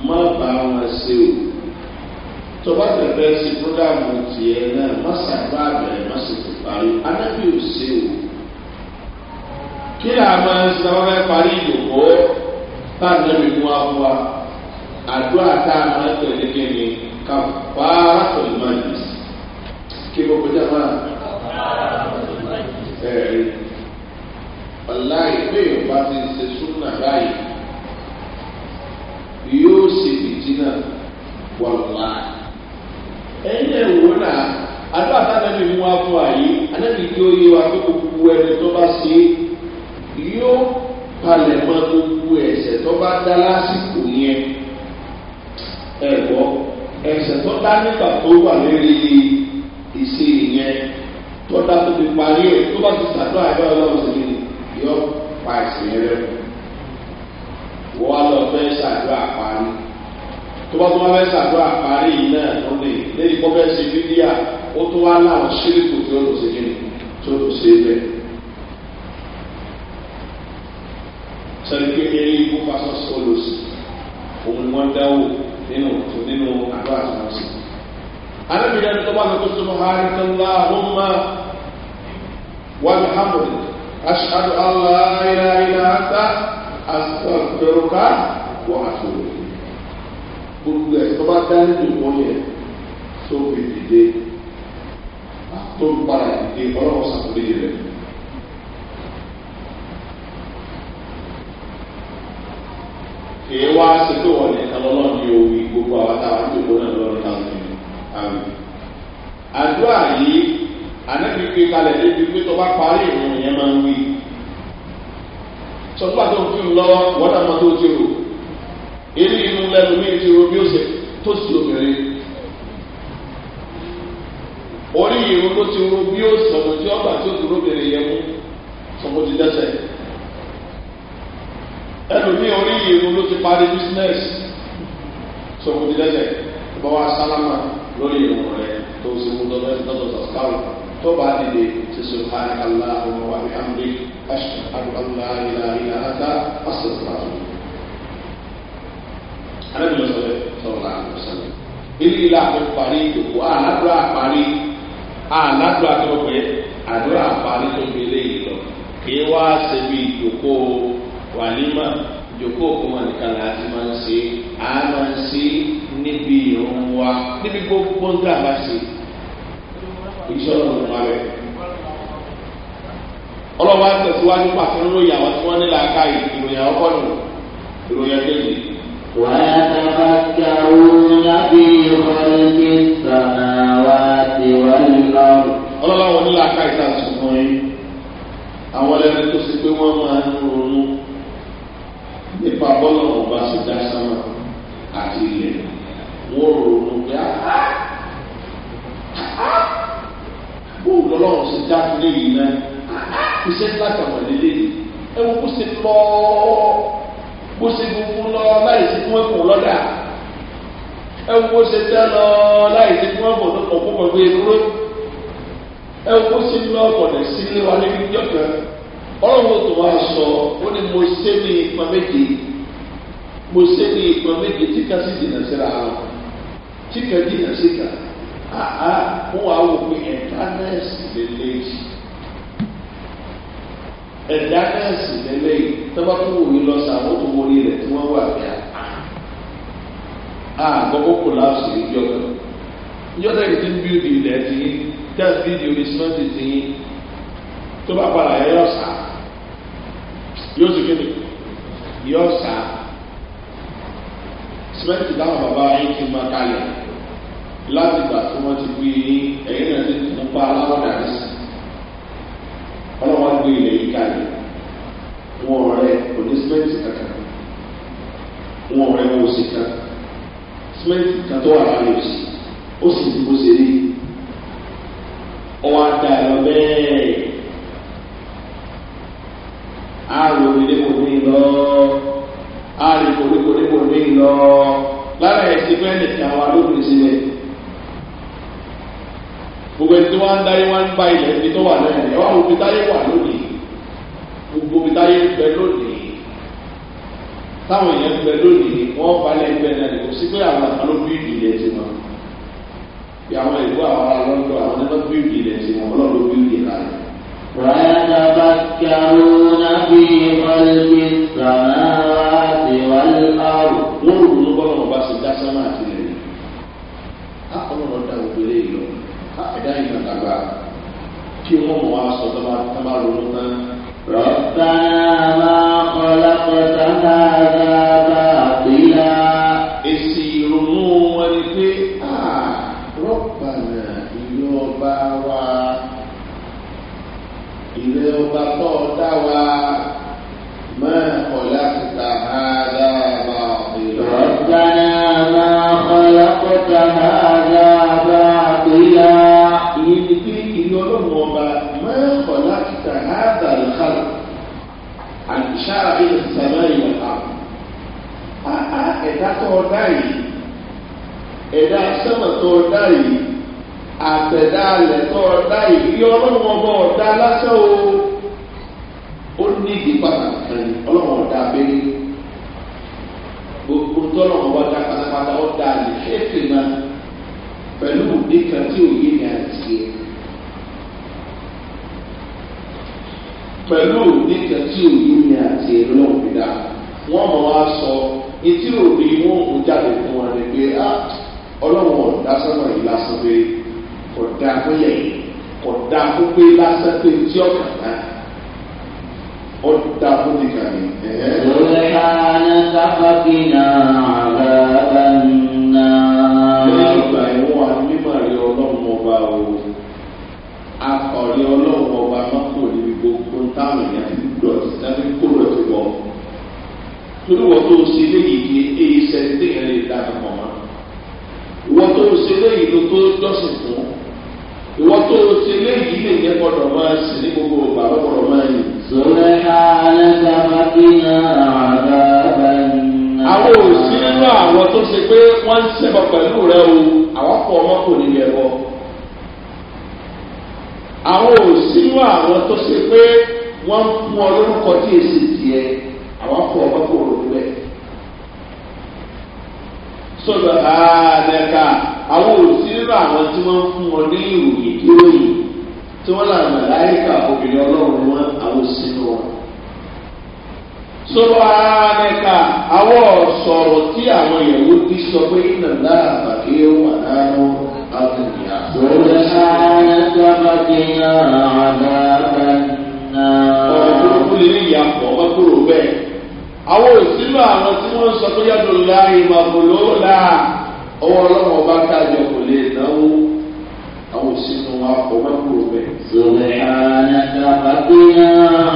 má bá wọn ṣe o tó bá tẹ̀fẹ́ sí fúdàmù tiẹ̀ náà má sàgbá abẹ̀rẹ̀ má sì fi parí anábì ò ṣe o kí làá máa ń fẹ́ parí ìdòkó táà nẹ́bí mú wá fún wa àdúrà tá a máa ń tẹ̀lé kí ni kàfàrà tòlùmọ́jì kí ló kọjá máa ẹ̀rí ọ̀láì pé ìwà ti ń ṣe súnà báyìí yóò ṣe ìjìnà wàlúwà ẹ̀yìn ẹ̀wò náà àdúrà tá a nàbí mú wá fún àyè anábì tí ó yé wa pé gbogbo ẹni tó bá ṣe yóò palẹ̀mọ́ gbogbo ẹ̀sẹ̀ tó bá dá lásìkò yẹn ẹ̀wọ́ ẹsẹ̀ tó dá nígbà tó wà lórí ìṣe ìyẹn tó dá tó fi parí ẹ̀ tó bá ti sàdó àìbá ọlọ́run sí ni yọ pa ìsìn rẹ̀ wọ́n á lọ fẹ́ sàdó àparí tó bá tó wá fẹ́ sàdó àparí yìí náà tó lè lẹ́yìn kó fẹ́ ṣe fídíà ó tó wá láwọn ṣíríkù tí ó lò sí kíni tí ó lò sí bẹ́ẹ̀. sọ̀rọ̀ kékeré ikú fásọ̀sọ̀ lò sí òun ni wọ́n dáwọ́ nínú tó nínú àdó àtúnṣe. alábìyá tó bá lọ kóso buhari tó ńlá ahoma wàlúhàmùdì aṣáájú aláìlá ilá ata àtàkùrọ̀ká wà àtúnṣe. gbogbo ẹ̀ tó bá dá nínú wọn yẹn tó fi dìde tó ń padà dìde ọlọ́wọ́ sàkúndé rẹ̀. kì í wá sí pé wọ́n nìkan lọ́nà ní omi gbogbo àwọn táwa ń dògbò náà lọ́nà náà ní àmì. àdúrà yìí anábìgbé kalẹ̀ débi pé tó bá parí ìrìn yẹn máa ń wí. sọ́kúlà tó ń fi lọ́wọ́ wọ́dà máa tó ti rò èyí inú lẹ́nu mi ti rò bí ó ṣe tó ti obìnrin. orí ìrún tó ti rò bí ó sọ̀rọ̀ tí ọgbà tó ti rò bèrè yẹn mú sọ̀rọ̀ ti dẹ́sẹ̀ ẹlòmíì orí ìrún ló ti parí business sọ̀kò ti lẹ́sẹ̀ bá wa sálámà lórí ìrún rẹ̀ tó o sì mú tọ́lọ́ ẹ̀sìn tọ́lọ́ sàkáwò tó bá dìde ti sọ hàn kálá ọmọ wa ní amúlé aṣọ àdúgbò ìlà ìlà àdá pásítọ̀ àti. alábìlẹ̀ sọ̀rọ̀ sọ̀rọ̀ là ń sọ̀rọ̀ ilé ilé àti parí ìdòkò àládùá parí àládùá tó pẹ́ àdúrà parí tó fi ìlọ kí wá ṣe bí ìdòkò wàlímà ìjòkó òkú wọn nìkan là ń ṣe á ń ṣe níbi ìrún wa níbi gbogbo ń dàgbà ṣe ìṣọ́nà ọ̀run wa rẹ̀. ọlọ́wọ́ á tẹ̀síwájú pàṣẹ lóyìn àwọn tí wọ́n ní làákà ìròyìn àwọn kọ́nù ìròyìn ẹgbẹ́ ويتفكرون في خلق السماوات والأرض ọlọ́láwọ̀ nílà káìsà sùn fún yín àwọn ẹlẹ́ni tó ṣe pé wọ́n máa ń ronú nípa bọ́lá ọba sì dá sáwọn àti ilẹ̀ wọ́n ronú pé á ah, ah, ah, bóun lọ́lọ́run sì dá fún léyìí náà iṣẹ́ láti àwọn ìdílé yìí ẹ wo kó ṣe lọ bó ṣe gbogbo lọ láì sí fún ẹkùn lọ́dà ẹ wo kó ṣe tẹ́ lọ láì sí fún ẹkùn lọ́dà ọ̀pọ̀ pẹ̀lú ewúro ẹ wo kó ṣe lọ bọ̀dẹ̀ sílé wa níbi ìjọba ọlọ́run tó wá sọ ó ní mo ṣe ní ipa méje mo ṣe ní ipa méje tí ká sì dìnnà síra wọn tí ká dìnnà síta àá fún wa wò pé ẹ̀dá náà sì lè léyìí ẹ̀dá náà sì lè léyìí tọ́ba tó wò yí lọ sàn àwọn tó wọ orí rẹ̀ tí wọ́n wà bíà á gbọ́gbọ́ kò láàṣì ìjọ kan ìjọ náà ti ń bíúdì ilẹ̀ ti yín dáàbí ìdí onísìmọ́tì ti yín tó bá padà yẹ lọ́sàn. Dios ń pa ilẹ̀ ibi tó wà lẹ́yìn ẹ̀ wá wo ibi táyé wà lónìí gbogbo ibi táyé ń bẹ lónìí táwọn èèyàn ń bẹ lónìí wọ́n balẹ̀ ń bẹ náà ní kò sí pé àwọn àtàló bí ìdílé ti wọn bí àwọn ìlú àwọn ará àwọn ẹ̀dọ́ bí ìdílé ti wọn ọlọ́dọ̀ bí ìdílé rà rà dábàá kí a rò torí wọ́n tó ṣe léyìí ní èyí sẹ́ni téèyàn lè dá àpapọ̀ mọ́ wọ́n tó ṣe léyìí ló tó dọ́sìn fún wọ́n tó ṣe léyìí lè yẹ gbọ́dọ̀ máa sì ní gbogbo ọgbà lọ́gbọ̀dọ̀ máa yìn. sọlá alẹ́ta mákínà àbábá nà. àwọn òsì nínú àwọn tó ṣe pé wọ́n ń ṣẹ̀bọ̀ pẹ̀lú rẹ o àwọn kọ̀ ọmọ kò ní yẹ bọ́. àwọn òsì àwọn kọ ọmọ kò rò wúlẹ. sọlọ àdẹka àwọn òsì nínú àwọn tí wọn fún ọ ní ìròyìn lóyìn tí wọn là màláyíkà obìnrin ọlọrun wọn àwọn òsì nínú wọn. sọlọ àdẹka ah, àwọn ọ̀sọ̀rọ̀ tí àwọn ìyàwó bí sọ pé nàlá àbàkí wà nánú àbùnìyà. sọlọ àdẹka bàbí náà àdàbà náà. ọ̀rọ̀ burúkú lè ní ìyàpọ̀ ọmọkúrò bẹ́ẹ̀ àwọn òsínú àwọn tí wọ́n sọ pé yàtọ̀ láàyè màbòló là ọwọ́ ọlọ́wọ́ bá tàjọ kò lè náwó àwọn òsínú wa kò má kúrò bẹ́ẹ̀. sọ̀rọ̀ àyàtà àbíyá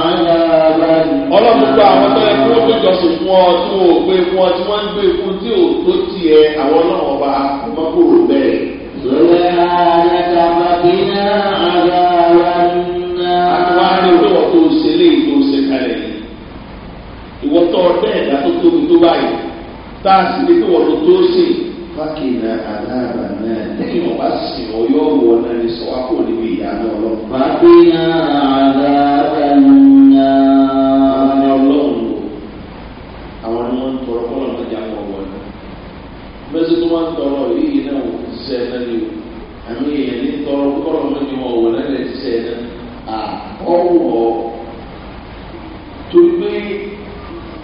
àyàbá. ọlọ́run gba àwọn tó yẹ kí wọ́n péjọ sùn fún ọ tí wọ́n ò gbé fún ọ tí wọ́n ń gbé fún tí ò tó tiẹ̀ àwọn ọlọ́wọ́ bá kò má kúrò bẹ́ẹ̀. sọ̀rọ̀ àyàtà àbíyá àyàbá. àti wàá rí olówó ìwọ́tọ́ dẹ́ẹ̀dá tó tóbi tó báyìí tá a sì ní kí wọ́n lọ tó ṣe fákìlà àdáàbà náà tí wọ́n bá sì ọ́ yọ wọ náà ní sọ wákò níbi ìyáná ọlọ́run. fákìlà àdáàbà náà ọlọ́run lò àwọn ni wọ́n ń tọrọ kọ́ lọ́nà ìjà wọn wọ̀ náà. mẹ́sì tó wọ́n ń tọrọ yìí náà kò sẹ́ náà ni o àmì èèyàn ní tọrọ kọ́ lọ́nà ìjà wọn wọ̀ náà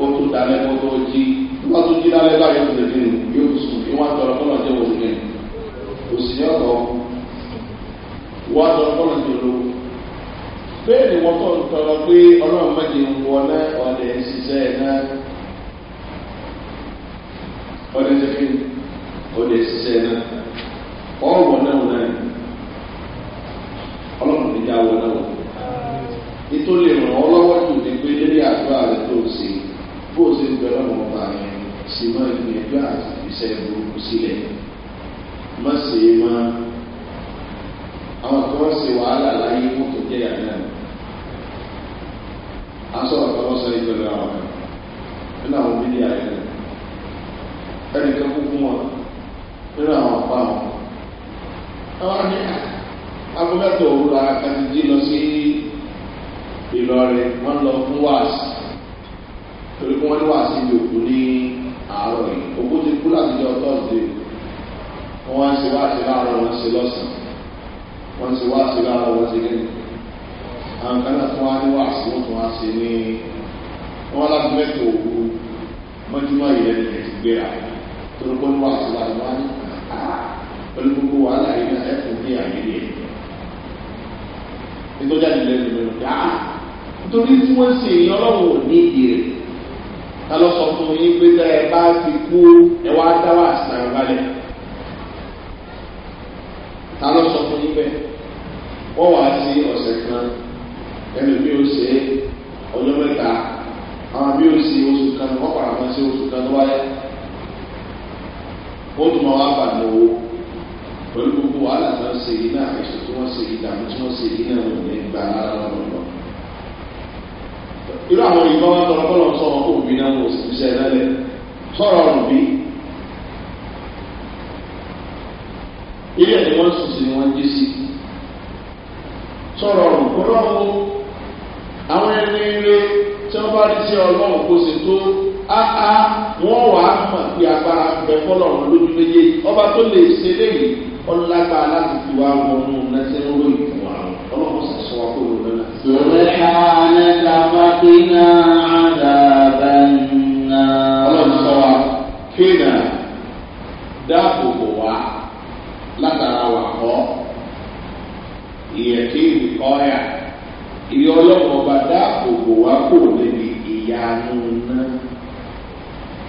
ó tún dalẹ̀ kó tó jí wọ́n tún jí lálẹ́ báyìí ó tẹ̀lé nù yóò sùn kí wọ́n tọrọ kọ́nà jẹ́ òun yẹn kò sí ọ̀tọ̀ wọ́n tọrọ kọ́nà jẹ́ olówó bẹ́ẹ̀ ni wọ́n tọ̀ tọrọ pé ọlọ́run méje ń wọ náà ń ṣiṣẹ́ náà ọ̀lẹ̀ ń ṣiṣẹ́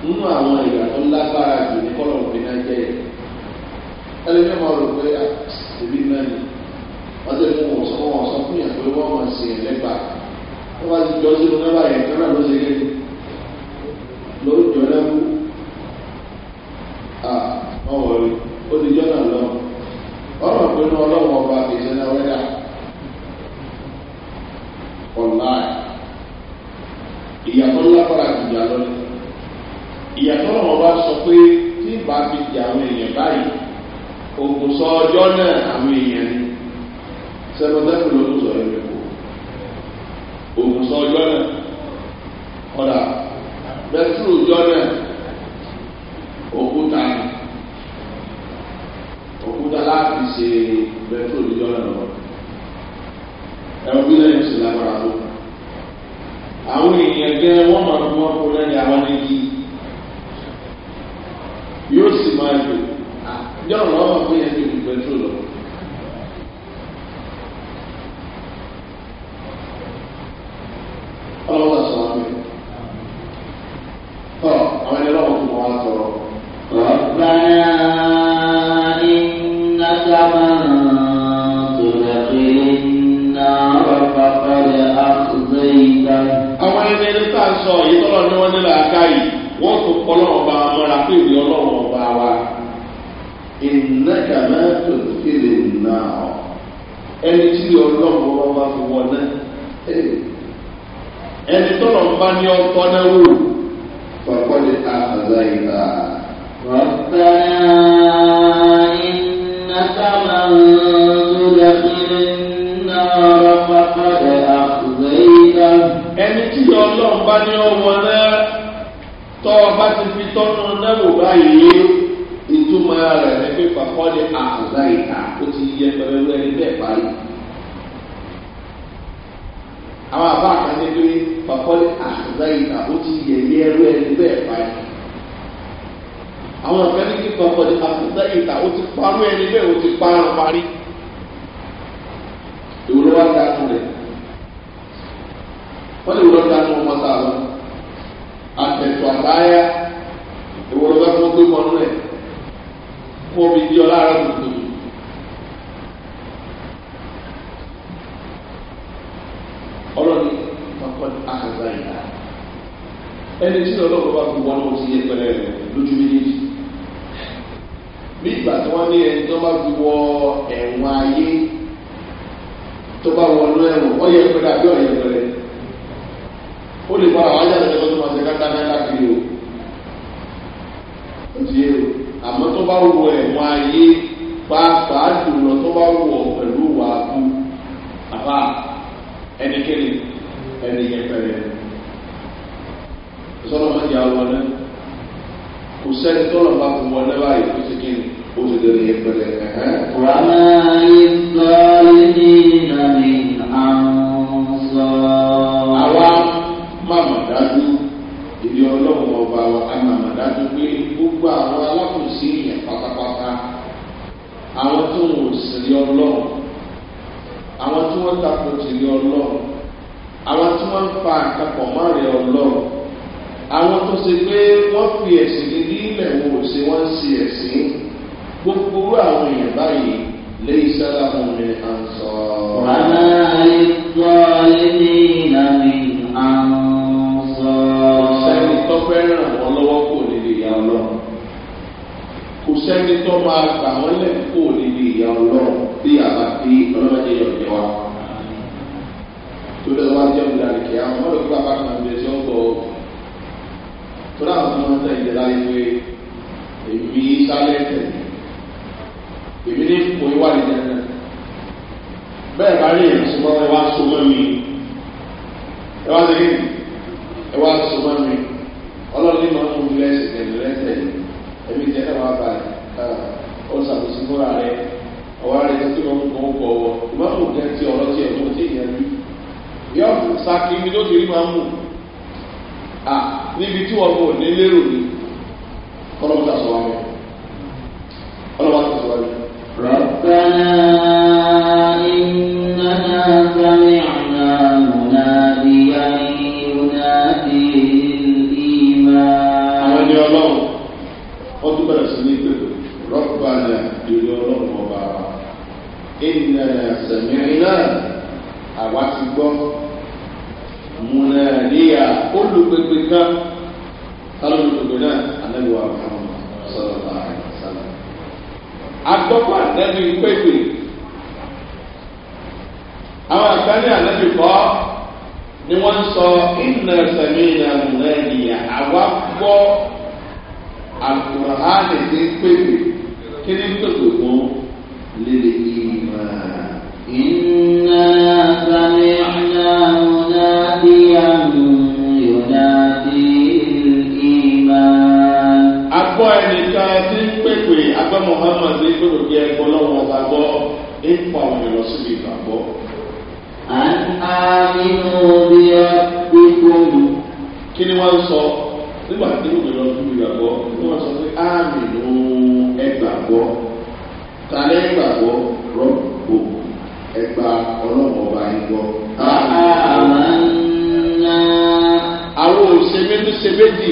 nínú àwọn ìyá tó lágbára jù ní kọ́lọ̀ òfin náà jẹ́ ẹ̀. ẹlẹ́ni ọmọ rò pé ìbí ah, náà ni wọ́n tẹ̀lé wọn sọ wọn sọ fún yàn pé wọ́n mọ̀ sí ẹ̀ lẹ́gbàá wọ́n bá ti jọ́ sínú náà báyìí kánà ló ṣe kéde. àgbà ìlà ẹni tí lọ́lọ́wọ́ bá fi wọn náà ti yẹ pẹlẹ rẹ lójú méjèèjì bí ìgbà tí wọ́n ní ẹni tó bá fi wọ ẹ̀wọ̀n ayé tó bá wọ ọdún ẹ̀wọ̀n wọ́n yẹ pẹlẹ àbí ọ̀yẹ pẹlẹ ó lè bá àwọn ajá lọ́jọ́ tó máa ṣe káńtà náà káàkiri o ó ti yé o àmọ́ tó bá wọ ayé pàápàá jùlọ tó bá wọ pẹ̀lú wàá kú àbá ẹnikẹ́ni ẹni yẹpẹrẹ sọlọ máa di àwọn náà kò sẹ́ni tọ́lọ̀ bá fún wọn náà báyìí kó ti kí ni ó ti dẹ̀rẹ̀ yẹpẹrẹ. wàhálà yìí sọ́ọ́lì ní ìnáni àwọn sọ. àwa máa mà dájú ìdí ọlọ́run ọba wa a máa mà dájú pé gbogbo àwọn alákòóso èèyàn pátápátá máa ń fa àkàpọ̀ márùn-ún ọlọ́run àwọn tó ṣe pé wọ́n fi ẹ̀sìn nílí ilẹ̀ wo ṣe wọ́n ń ṣe ẹ̀sìn gbogbo àwọn èèyàn báyìí lẹ́yìn sálámù ni à ń sọ. wàhálà ìtọ́ ilé ìlànà à ń sọ. sẹ́ni tó fẹ́ ràn lọ́wọ́ kò nílé ìyá ọlọ́run kò sẹ́ni tó máa gbà wọ́n lẹ́kọ̀ọ́ nílé ìyá ọlọ́run bí àbá bí ọlọ́run ti wa tó lọ́wọ́ wá jẹ́ ìlànà kí àwọn ọmọdé kí bàbá kan bẹ tí ó ń bọ̀ tó láwọn tó máa ń tẹ̀lé láyé pé èmi sálẹ̀ tẹ̀lé èmi ní ipò ìwádìí dandan bẹ́ẹ̀ bá rí èyí sọ ẹ wá so mọ́ mi ẹ wá lè ẹ wá so mọ́ mi ọlọ́ọ̀ni máa ń mú mi lẹ́sẹ̀ tẹ̀lé lẹ́sẹ̀ ẹbí tẹ́lẹ̀ wá bá ọ ṣàkóso fúnra rẹ ọwọ́ rẹ tó tó ń kọ́ wọ ìmọ̀ òun kẹ́ ti ọ̀rọ̀ tí ẹ̀ tó ti yẹn rí yọ saki ibi tó ti rí máa mú à níbi tí wọn kò ní lérò ní ọlọ́mọdé àṣọ wa mẹ́rin ọlọ́mọdé àṣọ wa mẹ́rin. ربنا إننا سمعنا مناديا ينادي للإيمان. أنا يا الله ọdún bẹ̀rẹ̀ sí ní pẹ̀lú rọ́pàlà ìlú ọlọ́run ọba wa. ìnana sẹ̀mìrì àwa ti gbọ́ munaniya olùgbègbè kan sálọ olùgbègbè náà anábìwá muhammad sọlọ bá sálọ. agbọ́pọ̀ anábì pépè àwọn àgbáyé anábì kọ́ ni wọ́n sọ iná sẹ́mi iná munaniya àwa gbọ́ àkùrọ̀hánì ti pépè kí ni pépè fún lílẹ̀ ìmọ̀ ìnú. muhammad ní gbọdọ̀ jẹ́ ẹgbọ́n náà wọn bá gbọ́ ẹ ń pa àwọn èèyàn síbi ìgbàgbọ́. à ń ká nínú bí ẹ gbogbo olù. kí ni wọ́n sọ nígbà tí ó gbèrò ọdún ìgbàgbọ́ wọ́n sọ pé á nínú ẹgbàgbọ́ ta ní ẹgbàgbọ́ rọ́pò ẹgbà ọlọ́mọ ọba ẹgbọ́. àwọn òṣèméjì ṣe méjì.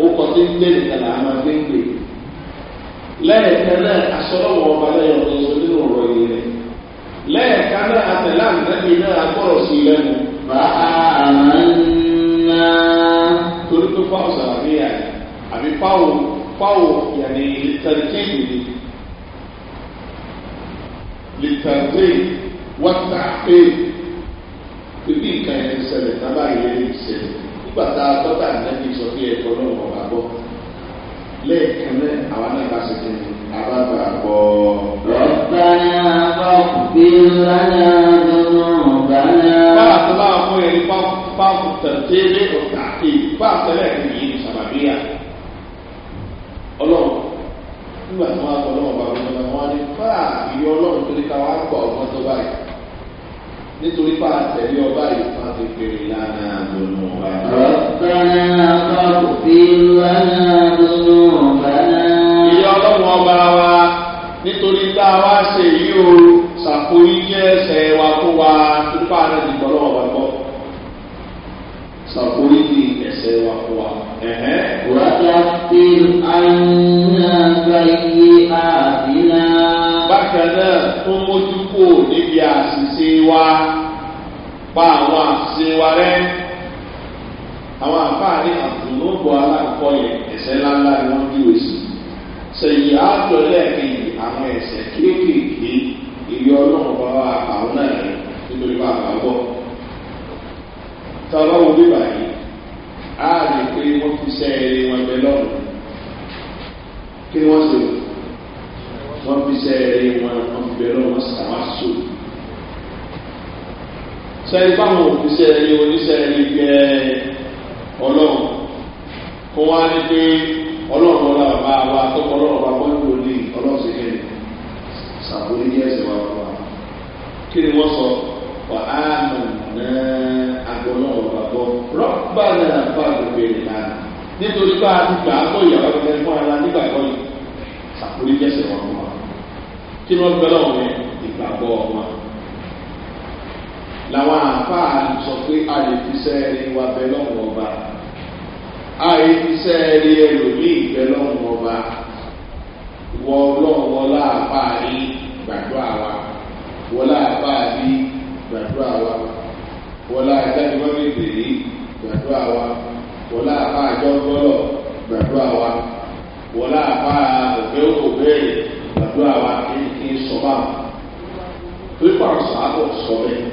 ó kọ sí ilé ìtàlá àwọn agbègbè lẹ́ẹ̀kan náà asọ́lọ́wọ́ ọba lẹ́yìn ọ̀tọ̀ sọ nínú ọ̀rọ̀ yìí rẹ̀ lẹ́ẹ̀kan náà àtẹ̀lá àtẹ̀lẹ́ náà agbọ́rọ̀ sí lẹ́nu bá a nà torí pé fáwọn sàràbíyà àbí fáwọn fáwọn yàní lìtàrìkìlì ni lìtàrìkìlì wọ́tà pé ibi nǹkan yẹn nígbà tá a gbọ́dọ̀ ànábì sọ pé ẹ̀kọ́ náà wọ̀ bá gbọ́ lẹ́ẹ̀kan náà àwọn náà bá ṣe tẹ̀lé àbábà gbọ́. rọ̀bánà bọ́ọ̀bì lánà lọ́nà bánà. báà tó bá mú ẹni pápákó tẹ̀lé ọ̀tà kì í bá tẹ̀lé ẹ̀kí yìí ní sàbàbíyà. ọlọ́run nígbà tí wọ́n á kọ́ bá wọn ní fáà ìyọ́ ọlọ́run tó ní ká wá pọ̀ ọmọ tó báyìí nítorí bá a tẹ̀lé ọba yìí fún akékeré lánà lónà ọba. ọ̀pẹ̀lẹ̀ àkọ́kùnfé lánà lónà ọba. ìyá ọlọ́run ọba wa nítorí tá a wá ṣe yìí o ṣàkóyí jẹ́ ẹsẹ̀ wa fún wa nípa rẹ̀ nìkan lọ́wọ́ wa gbọ́. ṣàkóyí di ẹsẹ̀ wa fún wa. wàá dá sí àyìnbá yìí á bákan náà tó mójú kò níbi àṣìṣe wa pa àwọn àṣìṣe wa rẹ́ àwọn àfáàní àtúnlógbò aláǹkọ yẹn ẹ̀sẹ̀ ńláńlá ni wọ́n bí òsì sẹ̀yìn àádọ́ lẹ́ẹ̀kejì àwọn ẹ̀sẹ̀ kéékèèké ìrí ọlọ́run bá wà àwọn náà rẹ̀ nítorí bá àbá bọ̀ tá a bá wo bíbà yìí á rí pé wọ́n fi sẹ́ẹ̀rẹ̀ wọn bẹ lọ́rùn kí wọ́n sì rò wọ́n fi sẹ́ẹ̀rẹ́ wọn wọ́n fi bẹ̀rẹ̀ wọn sàwọn sò. sẹ́yìn báwọn òfin sẹ́ẹ̀rẹ́ oníṣẹ́ẹ̀rẹ́ gbẹ ọlọ́run kó wá ní pé ọlọ́run ọlá bàbá wa tọ́kọ ọlọ́run bàbá wọn ló lè ọlọ́run sì kẹ́ sàbórí ní ẹsẹ̀ wa wà. kí ni wọ́n sọ wà á nù náà àgbọ̀ náà wà bọ̀ rọ́bà náà bá gbogbo ẹ̀ nítorí pé a ti gbà á kó ìyàwó ẹgbẹ́ fún ara nígbà kan yìí àforíjẹsẹ̀ wọn wà kí wọ́n gbẹ́ lọ́wọ́ yẹn ìgbàgbọ́ wọn. làwọn àfáà sọ pé a lè fi sẹ́ẹ̀rí wa bẹ́ lọ́wọ́ ọba a lè fi sẹ́ẹ̀rí ẹlòmíì bẹ́ lọ́wọ́ ọba wọ ọlọ́wọ́ láàfáà rí gbàdúrà wa wọ láàfáà rí gbàdúrà wa wọ láàfáà rí gbàdúrà wa gbàdúrà wa wọlé àbá àjọ gbọlọ gbàdúrà wa wọlé àbá òbẹ òbẹrẹ àdúrà wa kí kí n sọ bá wọn torí pa àwọn sàábọ̀ sọ bẹ́ẹ̀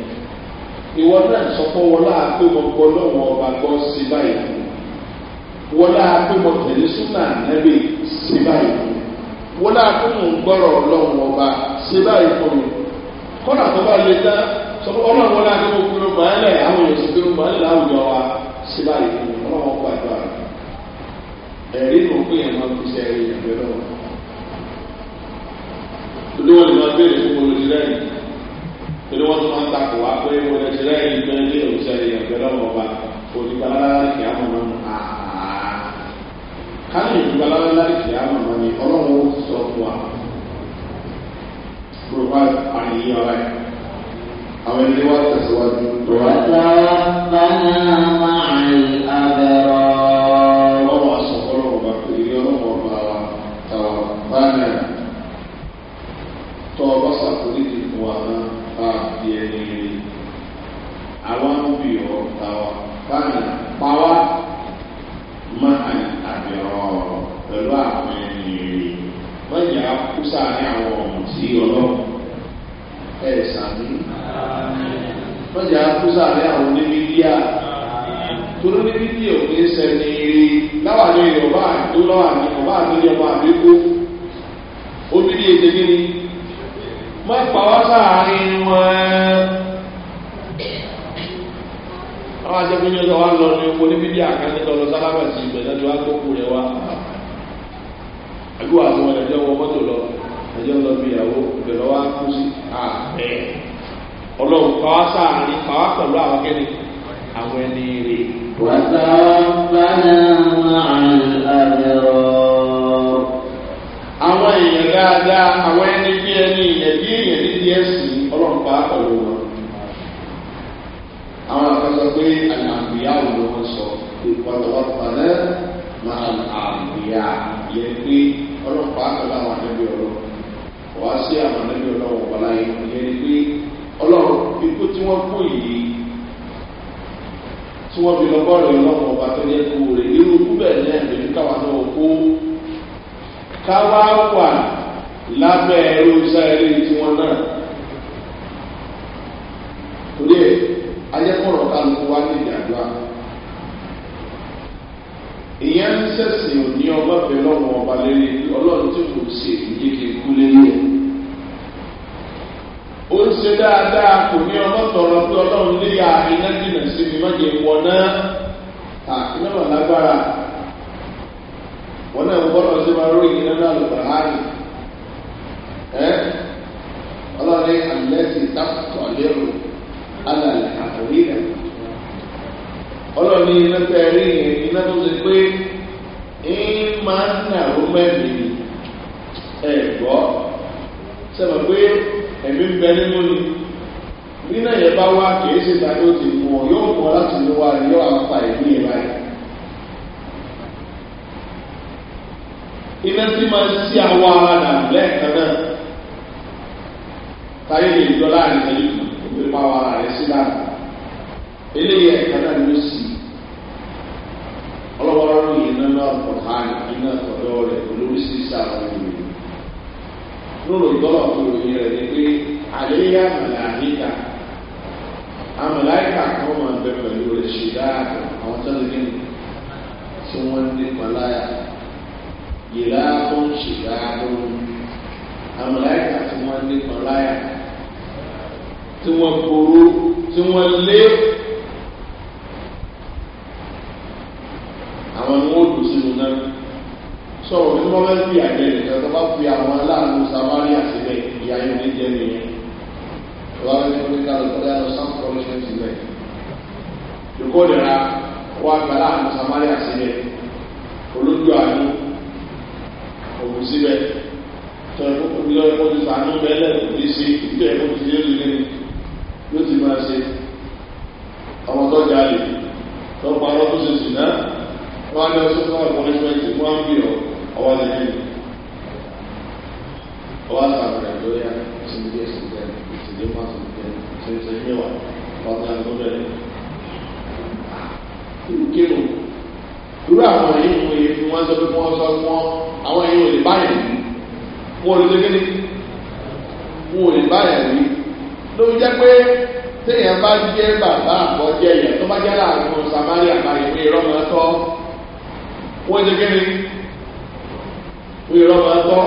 ìwọ náà sọ fún wọn láàpẹ́ wọn gbọ́ lọ́wọ́ ọba gbọ́ sí báyìí wọn láàpẹ́ wọn tẹ̀lé súnà nẹ́bí sí báyìí wọn láàpẹ́ wọn gbọ́rọ̀ lọ́wọ́ ọba sí báyìí fún mi kọ́nà tó bá lè dá sọ fún ọlọ́run wọn láàpẹ́ wọn gbọ́rọ̀ báyìí àwọn èèyàn sì gbọ́rọ̀ báyìí láwùjọ wa sí báyìí fún mi ọlọ́run wọn gbàdúrà ẹ̀rí nù pé ẹ̀ máa fi ṣe ẹ̀rí ìyàgbẹ́ lọ́wọ́ torí wọn lè máa béèrè fún wọn lójú lẹ́yìn torí wọn tún máa ń takò wá pé wọn lè ti lẹ́yìn gbẹ ilé òṣèlè ìyàgbẹ́ lọ́wọ́ ọba onígbàlára kì á mọ̀ mọ́ káyọ̀ onígbàlára kì á mọ̀ mọ́ ni ọlọ́run ó sọ fún wa gbogbo àyè ọ̀la yìí àwọn ẹni wá tẹ̀síwájú. wọ́n ta bá náà máa ń abẹ́rọ̀. tọ́ ọba sàkóríjì fún wa náà bá a di ẹni rí àwọn bí ọ tàwa báyìí pàwá máa ń tàbí ọ̀rọ̀ pẹ̀lú àwọn ẹni rí wọ́n yà á kú sáàrin àwọn ọ̀hún sí ọlọ́run ẹ̀ sàmì wọ́n yà á kú sáàrin àwọn oníbíbíà torí oníbíbíà ò ní sẹ́ni rí láwàní yorùbá àdúrà ní ọba àdúrà ọba àdúgbò obìnrin èdè gíní má pa wá sáàárín wọn. àwọn àjẹkù ní ọjọ́ wa lọ ní oko níbi bí àkàndé lọ sálábà sí ibẹ̀ náà ni wọ́n á gbókù rẹ̀ wá. àbí wàá tí wọn ẹjọ́ wọ mọ́tò lọ ẹjọ́ lọ bí ìyàwó ìbẹ̀rẹ̀ wá kú sí àbẹ̀. ọlọ́run pa wá sáàárín pa wá pẹ̀lú àwọn akẹ́ni àwọn ẹni rè. wàtá bánà àrùn àjẹrọ. àwọn èèyàn dáadáa àwọn ẹni ẹni ìyẹn bí èèyàn ní díẹ̀ sí ọlọ́run pa pẹ̀lú wọn. àwọn àkàtà pé àlàmìyá ò ló wọn sọ ìpàdánwà pàdé máa àmìyá yẹ pé ọlọ́run pa pẹ̀lú àwọn àdébí ọlọ́run wá sí àwọn àdébí ọlọ́run wà láyé yẹ pé ọlọ́run ikú tí wọ́n kú yìí tí wọ́n fi lọ́gọ́rùn-ún ọlọ́run ọba tó yẹ kú rè nínú kú bẹ́ẹ̀ náà lè ní náà kó káwa wà. lábẹ́ ẹrú sáré tí wọ́n náà torí ẹ̀ ajẹ́kọ̀rọ̀ kálukú wá ní ìdàgbà ìyẹn ń sẹ̀sìn òní ọba bẹ̀ ọba lérí ọlọ́run tí kò sí èyíkéyìí kú lérí ẹ̀ ó ń ṣe dáadáa kò ní ọba tọrọ pé ọlọ́run iná jìnà sí mi má wọ náà lágbára wọn náà ń bọ́ sí ma ẹ́ ọlọ́run ní àlẹ́sì tápùtọ̀ lérò alàlẹ́ na rẹ̀ ọlọ́run ní iná tẹ́ rí yẹn iná tó ṣe pé ń máa ń nàró mẹ́rin ẹ̀ gbọ́ pé ẹ̀mí ń bẹ nínú ni nínú yẹn bá wá kìí ṣe ta yóò ti mú ọ yóò mú ọ láti wá ara dà lẹ́ẹ̀kan náà. táyé lè jọ láàrin ẹ̀yìn kan òbí pa ara rẹ̀ sí lára eléyìí ẹ̀ka náà ló sì ọlọ́wọ́rọ́ ní iná náà kọ̀ hàn iná ọ̀dọ́ rẹ̀ olóríṣi sáwọn ìwé lórí ìgbọ́lọ̀ fún ìròyìn rẹ̀ ni pé àléyà màláyíkà àmàláyíkà kan máa bẹ pẹ̀lú rẹ̀ ṣe dáadáa àwọn tó ń tí wọ́n ń nípa láyà yìlá tó ń ṣe dáadáa àmàláyíkà tí wọ́n ń nípa láyà tí wọ́n ború tí wọ́n lé àwọn ni wọ́n lù sínú náà sọ̀rọ̀ ní wọ́n fẹ́ fi àjẹ nìkan tó bá fi àwọn aláàánú samari àtibẹ̀ ìyá yóò ní jẹ́ nìyẹn wọ́n fẹ́ fi kí kálọ̀ tó dáná sam commission ti bẹ̀. ìkórìíra wọ́n àgbà aláàánú samari àtibẹ̀ olójú àánú òkú síbẹ̀ tọ́jú kó ti lọ́ọ́ kó ti sànú bẹ́ẹ̀ lẹ́kọ̀ọ́ ní sí ìdí ẹ̀kọ́ ti yé lulẹ̀ ní ṣe ọmọ tó jáde tó parọ́ tó ṣe sì náà wọ́n á lọ sí fún àpọ́nẹ́sìmẹ́ntì wọ́n á bì ọ́ ọwọ́ lè ní ọwọ́ àtàkùnrin lóyá ìṣèlú ìṣèlú ìṣèlú pàṣẹ ìṣèlú ìṣèlú ìwà ọ̀tá ìgbọ́dọ̀ ẹ̀ kírun irú àwọn èyí ń wòye fún wọn sọ pé wọn sọ fún wọn àwọn èyí ò lè báyìí rí wọn ò lè lé kéde téèyàn bá jẹ́ bàbá àbọ̀jẹ́ yẹn tó bá jẹ́ láàrin samaria báyìí pé ìrọ́mọ tọ́ wọ́n ti kéde pé ìrọ́mọ tọ́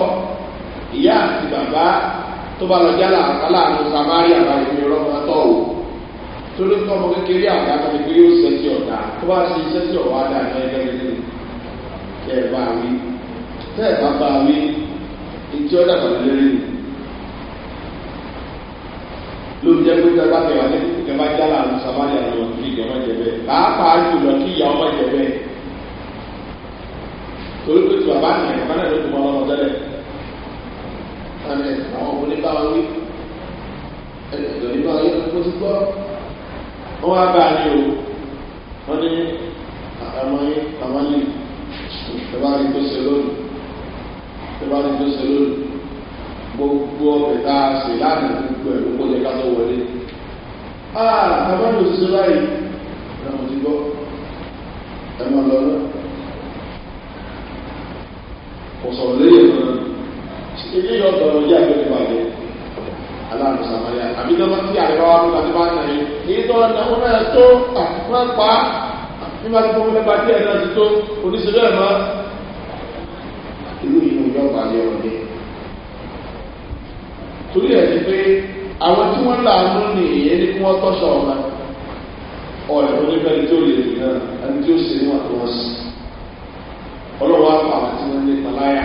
ìyá àti bàbá tó bá lọ jẹ́ láàrin samaria báyìí pé ìrọ́mọ tọ́ o torí tó ọmọ kékeré àgbà tó ti pé yóò ṣe sí ọ̀dà tó bá ṣe iṣẹ́ sí ọ̀wá dà ní ẹgbẹ́ nínú kẹ́ bá wí tẹ́ bá bá wí ìtí ọ̀dà pàdé lórí mi ló jẹ́ pé tẹ́ bá tẹ̀ wá lẹ́sìn kí kẹ́má jálà àrùn sàmárì àrùn kí kẹ́má jẹ bẹ́ẹ̀ pàápàá jùlọ kí ìyá ọmọ jẹ bẹ́ẹ̀ torí pé tí bàbá nìyẹn bàbá náà ló tún ọmọ ọmọ tẹ́lẹ̀ àmì àwọn ọmọdé bá wá wí ẹ̀ẹ́dọ̀ nípa ayé tó ti gbọ́ wọ́n wá bá a ní o wọ́n ní àmọ́ yín àmọ́ yín ìbáraẹni tó ṣe lónìí ìbáraẹni tó ṣe lónìí gbogbo ọbẹ̀ tá a sè láti gbogbo ẹ̀ gbogbo ọjà kátó wọlé. Ah, bàbá mi ò sì ṣe báyìí ẹ mọ̀ ti gbọ́ ẹ mọ̀ lọ lọ. kò sọ̀rọ̀ lẹ́yìn ẹ̀rọ náà ilé yọ ọ̀dọ̀ ọjà ìgbẹ́ni bàjẹ́ aláàbò sàmáyà àbí tó bá àríwá wa lóla tó bá ń tẹ̀lé èyí tó ń náwó náà tó àfihàn pa nígbà tí wọ́n fẹ́ gba díẹ̀ náà ti tó oníṣẹ́ bẹ́ẹ̀ mọ́. ìlú yìí ò yọ̀ bàjẹ́ ọ̀dẹ́ torí ẹ̀ ni pé àwọn tí wọ́n láàánú ní ìyẹn ní kí wọ́n tọ́ṣọ ọ̀la ọ̀rẹ́ onífẹ́ni tí ó lè rìn náà ẹni tí ó ṣe ní wàtí wọ́n sí ọlọ́wọ́ àpò àwọn tí wọ́n ní paláyà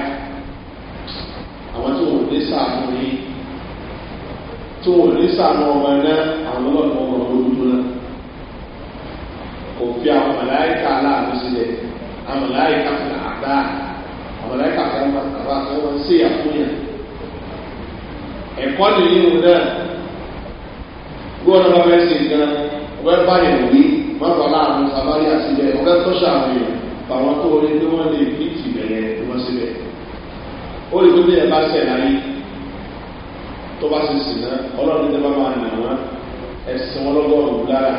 àwọn tí wọ́n ní sàánú yìí tí wọ́n ní sàánú ọmọ náà àwọn ọlọ́dún ọmọ olódùn náà kò fi àwọn màláìka aláàánú sílẹ̀ àwọn fún àdá àwọn fún àdá àti wọn sí àkúnyà ẹ̀kọ́ nìyí wò náà bí wọn bá fẹ́ ṣe gan ọbẹ̀ báyìí wí má bà láàánú sábàrí àṣìlẹ̀ ọbẹ̀ tó ṣàfihàn bàwọn tó rí pé wọ́n lè fi ìtìbẹ̀rẹ̀ wọn síbẹ̀ ó lè tó bí ẹ bá ṣẹ̀ láyé tó bá ṣe sì náà ọlọ́run tó bá máa nà wọ́n ẹ̀sìn wọn lọ́gọ́rùn-ún lára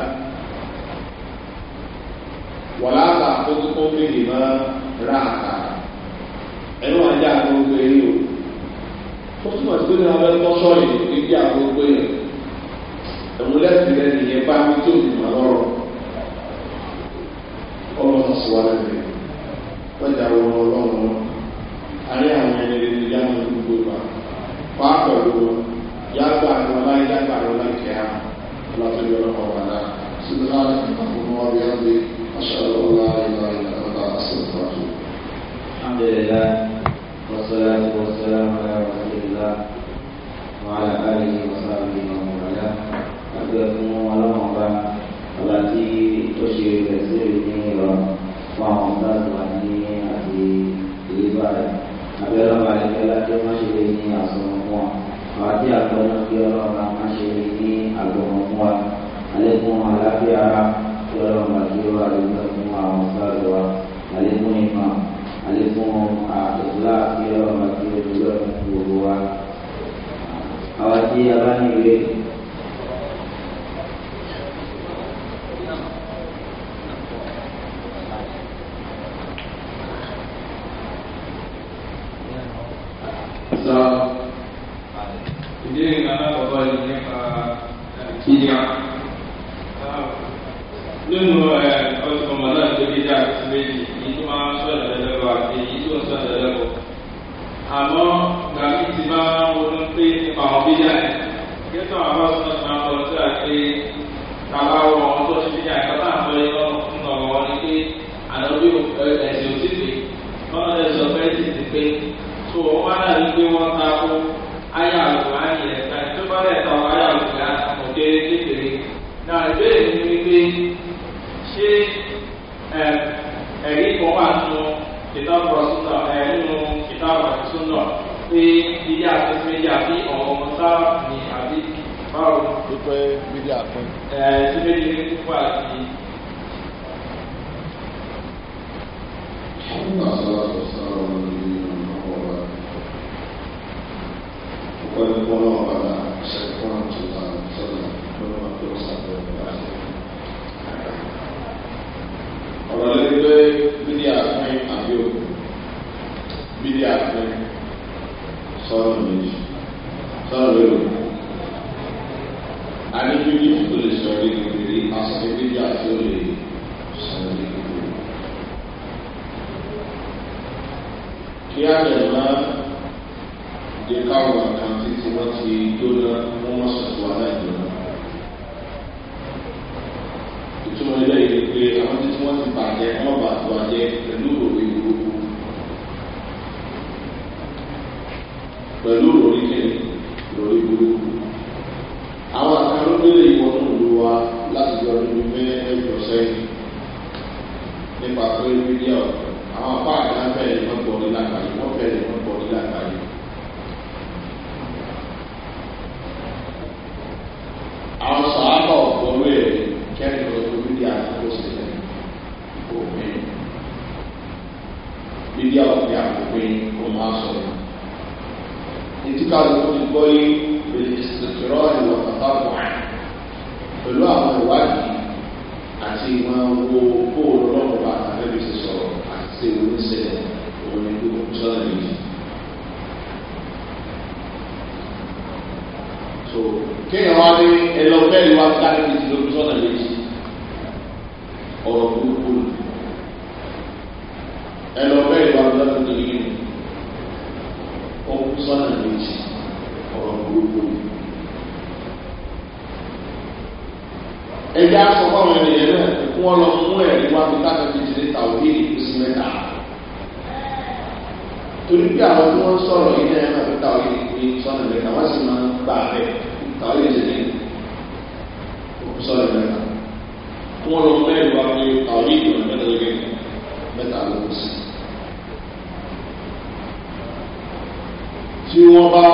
wọ̀lá àtà tó tó kó kéde máa ra àtà ẹnu àjà àti gbogbo èyí o ó túmọ̀ sí pé ní abẹ́ kọ́ sọ́ọ̀lì níbi àwọn gbogbo yẹn ẹ̀wọ̀n lẹ́sìn rẹ nìyẹn bá mi tó ìmọ̀ lọ́rọ̀ ọmọ sọ̀sọ̀ wa lẹ́nu lọ́jà wọn ọlọ́run àárẹ̀ àwọn ẹni rẹ níyà wọn gbogbo wa wàá pẹ̀lú wọn yàgbà àwọn láyé yàgbà àwọn láyé kẹ́hà ọlọ́tọ́ yọ ọlọ́kọ̀ wà náà sínú láti ìpàkùn wọn bí wọn bí aṣọ ọlọ́run láyé láyé lọ́kọ̀ àṣẹ ìpàkùn. alhamdulilayi الله وعلى آله وصحبه ومن والاه أدعوكم الله أبا التي تشير سيرني وعن تزمني أتي إبادة أبدا بعد ذلك ما شيرني أصنعوا وأتي أقول في الله ما شيرني أقوموا عليكم على في أرى ولو ما كيوا لكم وأصدقوا عليكم إمام Alif Mum Alif Lam Ya Mati Dua Dua Awasi Apa Ni Wei So Ini Nana Bapa Ini Ini nínú eh, ọtún ọmọdé tó dé dá méjì yìí tó máa sọ̀rọ̀ lẹ́lẹ́kọ̀ọ́ àti èyí tó ń sọ̀rọ̀ lẹ́lẹ́kọ̀ọ́ àmọ́ gàmí ti máa ń ronú pé nípa àwọn bí dá ẹ̀ gẹ́tọ̀ àwọn sọ̀rọ̀ náà sọ̀rọ̀ sí àti tàbá wọ ọmọ tó ṣe bí dá ẹ̀kọ́ náà sọ yọ nínú ọmọ wọn ni pé ànábì ẹ̀sìn òtítì wọn lè sọ fẹ́ ti ti pé tó wọn wá náà wípé wọn ta kó ayé àlùkò ayé ẹ̀ka ìtúbọ̀lẹ̀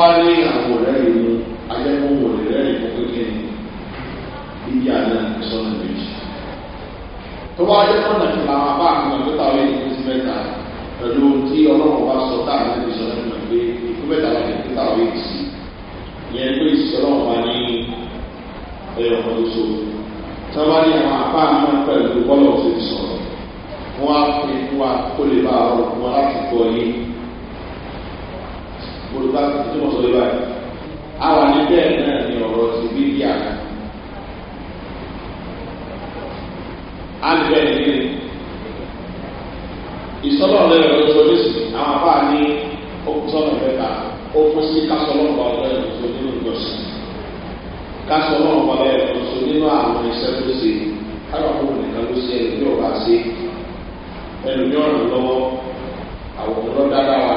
wá ní àwọn ọ̀rẹ́rìn ní ajẹ́kọ̀ọ́ ọ̀rẹ́rìn fún kékeré ní ibi àná ìsọ̀nà méjì. tó wá jẹ́ kọ́nà kí làwọn apá àti nàgbẹ́ta ọ̀rẹ́ ìlú ti mẹ́ta pẹ̀lú tí ọlọ́run bá sọ táà ní ìsọ̀nà ìmọ̀ pé ikú mẹ́ta wà ní ìpẹ́ta ọ̀rẹ́ ìsì ìyẹn pé ìsọ̀rọ̀ wà ní ẹ̀yọ̀ kan tó so. tí wọ́n bá ní àwọn apá àmọ́ pẹ̀lú bọ́lọ̀ olùkọ́ tí mo sọ yìí báyìí àwọn àníbẹ̀ náà ni ọ̀rọ̀ ti bí bí àná. àníbẹ̀ ni ìsọ́nà ọ̀rẹ́ rẹ̀ ló sọ ní sùn àwọn afá ní sọ́nà ọ̀rẹ́ ta ó kó sí kásọ̀lọ́ọ̀bà ọ̀rẹ́ rẹ̀ ló sọ nínú ìjọsìn kásọ̀lọ́ọ̀bà ọ̀rẹ́ rẹ̀ ló sọ nínú àwọn iṣẹ́ tó ṣe káwọn ọ̀rẹ́ nìkan ló ṣe ẹ̀rọ ní ọ̀rọ̀ àṣẹ ẹ̀rọ ní ọ̀rọ̀ lọ́wọ́ àwọn ọ̀rọ̀ dáadáa wa.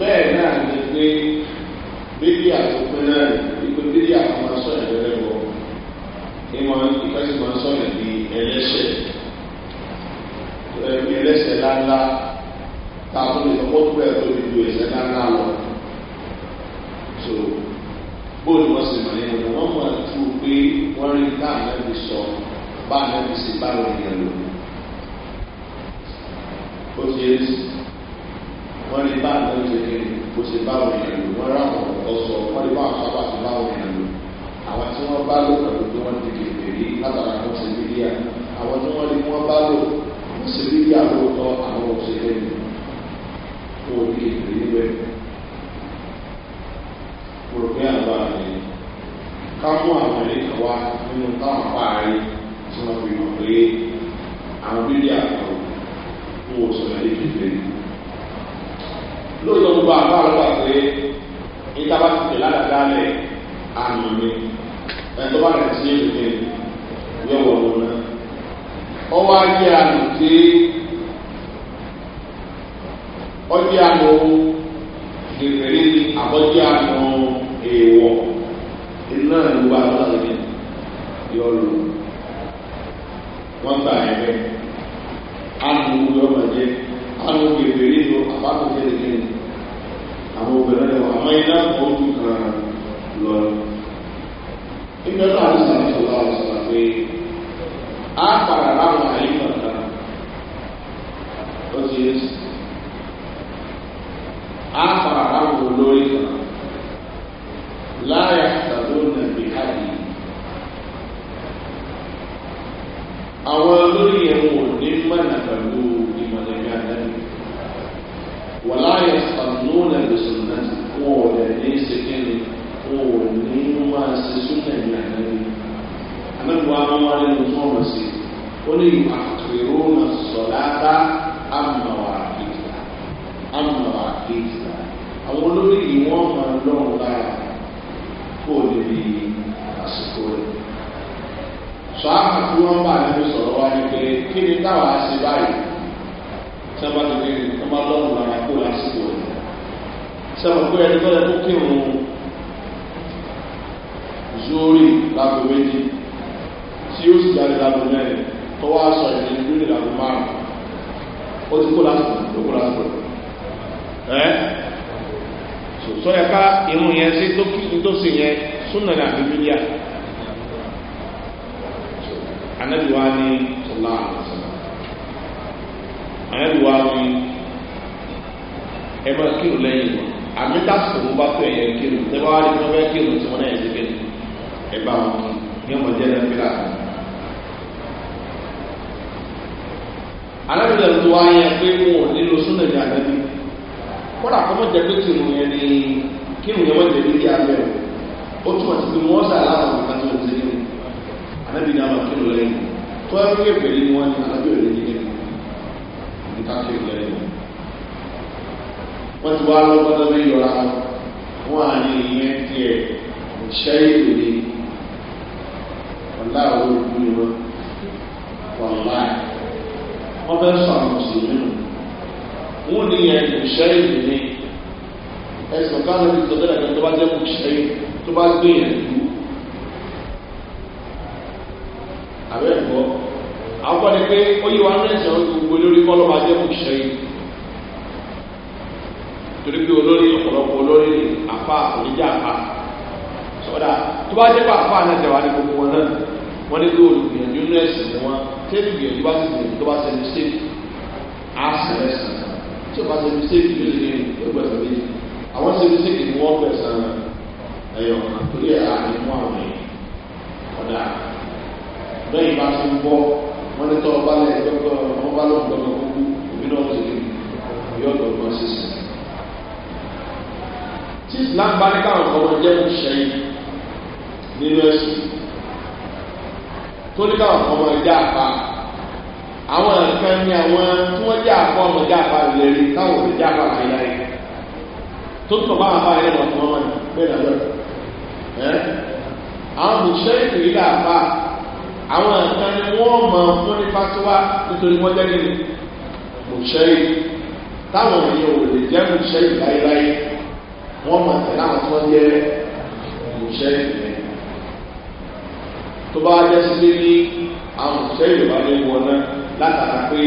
bẹ́ẹ̀ náà ni pé bíbí àtúnpín náà wípé bíbí àwọn máa sọ ẹ̀rọ wọ ní wọn máa sọ ẹ̀ di ẹlẹ́sẹ̀ ẹ̀mí ẹlẹ́sẹ̀ ńláńlá tá a tún lè sọ pọ́tù tó dìbò ẹ̀sẹ̀ ńláńlá lọ. so bóòlù wọn sì mọ̀ ní wọn wọn mọ̀ tú pé wọ́n rí bá ànábi sọ bá ànábi sì bá wọn yẹn lò ó ti yẹ sí wọ́n lè bá àná ṣe kí kò ṣe bá àwọn èèyàn lò wọ́n ráwọn ọ̀sọ̀ wọ́n lè bá àwọn sábà ṣe bá àwọn èèyàn lò àwọn tí wọ́n bá lò pẹ̀lú pé wọ́n ti kèké rí látara àwọn ṣe bí díà àwọn tí wọ́n lè wọ́n bá lò wọ́n ṣe bí díà lóòótọ́ àwọn òṣèré ni kò ní ìpè níbẹ̀. mo àgbà rẹ̀ ká mú àwọn ilé nínú táwọn apáàrí tí wọ́n fi lóòótọ́ gbogbo àbá àwọn gbà pé níta bá ti tẹ̀ ládàá lẹ̀ àmì mi ẹ̀tọ́ bá rẹ̀ sí èdè yẹ wọ̀ wọ̀ náà. ọwọ́ ayé àmì tí ọjọ́ àmọ́ gbèbèrè ni àbọ̀jọ́ àmọ́ èèwọ̀ iná ìlú wa lọ́dọ̀ ní yọ lò wọ́n gbà ẹ̀ bẹ́ẹ̀ àmì wúlò ọmọdé àmì gbèbèrè ni àbákùnrin àwọn obìnrin wà mọ́ iná ojú kan lọ. Ìgbẹ́ta àti sàmìsọ̀lá ọ̀sán pé a padà láwọn àyè kàkà ó lórí ìwà. ó yẹ wa mẹ́sàn án gbogbo lórí kọ́ lọ́ba jẹ́ kò ṣe yìí torí pé olórí ọ̀pọ̀lọpọ̀ olórí àfa oníjà àfa sọ́dà tó bá jẹ́ pé àfa náà tẹ̀wá ní gbogbo wọn náà wọ́n ní lóòrù gbìyànjú ní ẹ̀sìn ni wọ́n tẹ́lẹ̀ gbìyànjú bá sì gbìyànjú tó bá ṣe mistake á sì ẹ̀sìn tí o bá ṣe mistake yóò lè ẹgbẹ̀rún méjì àwọn ṣe mistake ni wọ́n fẹ̀ san ẹ̀yọ̀ torí ẹ̀ àdìmú àwọn ọ̀dà bẹ́ẹ̀ bá tún bọ́ wọ́n ní tọ́ ọba lẹ̀ ẹ̀dọ́gbọ́ wọn bá lọ́wọ́ gbọ́dọ̀ gbogbo òbí náà ṣe lébi yóò dọ̀gbọ́n sísè. tí islam bá ní káwọn ọmọ jẹ́ ìṣẹ́yìn nínú ẹ̀sìn tó ní káwọn ọmọ jẹ́ àpá àwọn nǹkan ní àwọn tí wọ́n jẹ́ àpá ọmọ jẹ́ àpá ìlérí káwọn ọmọ jẹ́ àpá àyàrí tó tọ̀ bá àpá yẹn lọ fún ọmọ àwọn nǹkan ni wọ́n mọ̀ fún ní fásitì nítorí wọ́n jẹ́ nínú mùsẹ́yì táwọn èèyàn ò lè jẹ́ mùsẹ́yì láéláé wọ́n mọ̀ tẹ̀lé àwọn tó ń jẹ́ mùsẹ́yì rẹ̀ tó bá jẹ́ sílé ní àwọn mùsẹ́yì bá lè wọ náà látara pé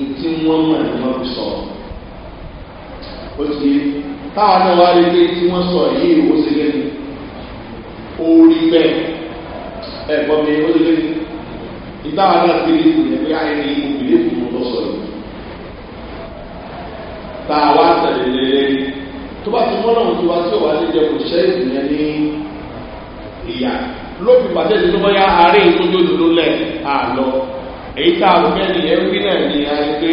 ètí wọ́n mọ̀ ní wọ́n fi sọ̀rọ̀ ó ti táwọn náà wá lé pé tí wọ́n sọ yìí ó lẹ́nu ó bẹ́ẹ̀ ẹ̀gbọ́n mi ó lé lẹ́nu ìgbà wa náà fi léwu yẹn pé ayé ni mo bìlẹ̀ fún mo lọ sọ yìí tá a wá tẹ̀lé lélẹ́ tó bá ti mọ́ náà tó wá tí ò wá lé jẹ kò ṣẹ́ ìdìyẹn ní ìyá lóbi pàṣẹ ti tó bọ́yá àárẹ̀ ìtọ́jú òdodo lẹ̀ àlọ́ èyí tá a fẹ́ ni ẹ̀rú náà ni a yẹ pé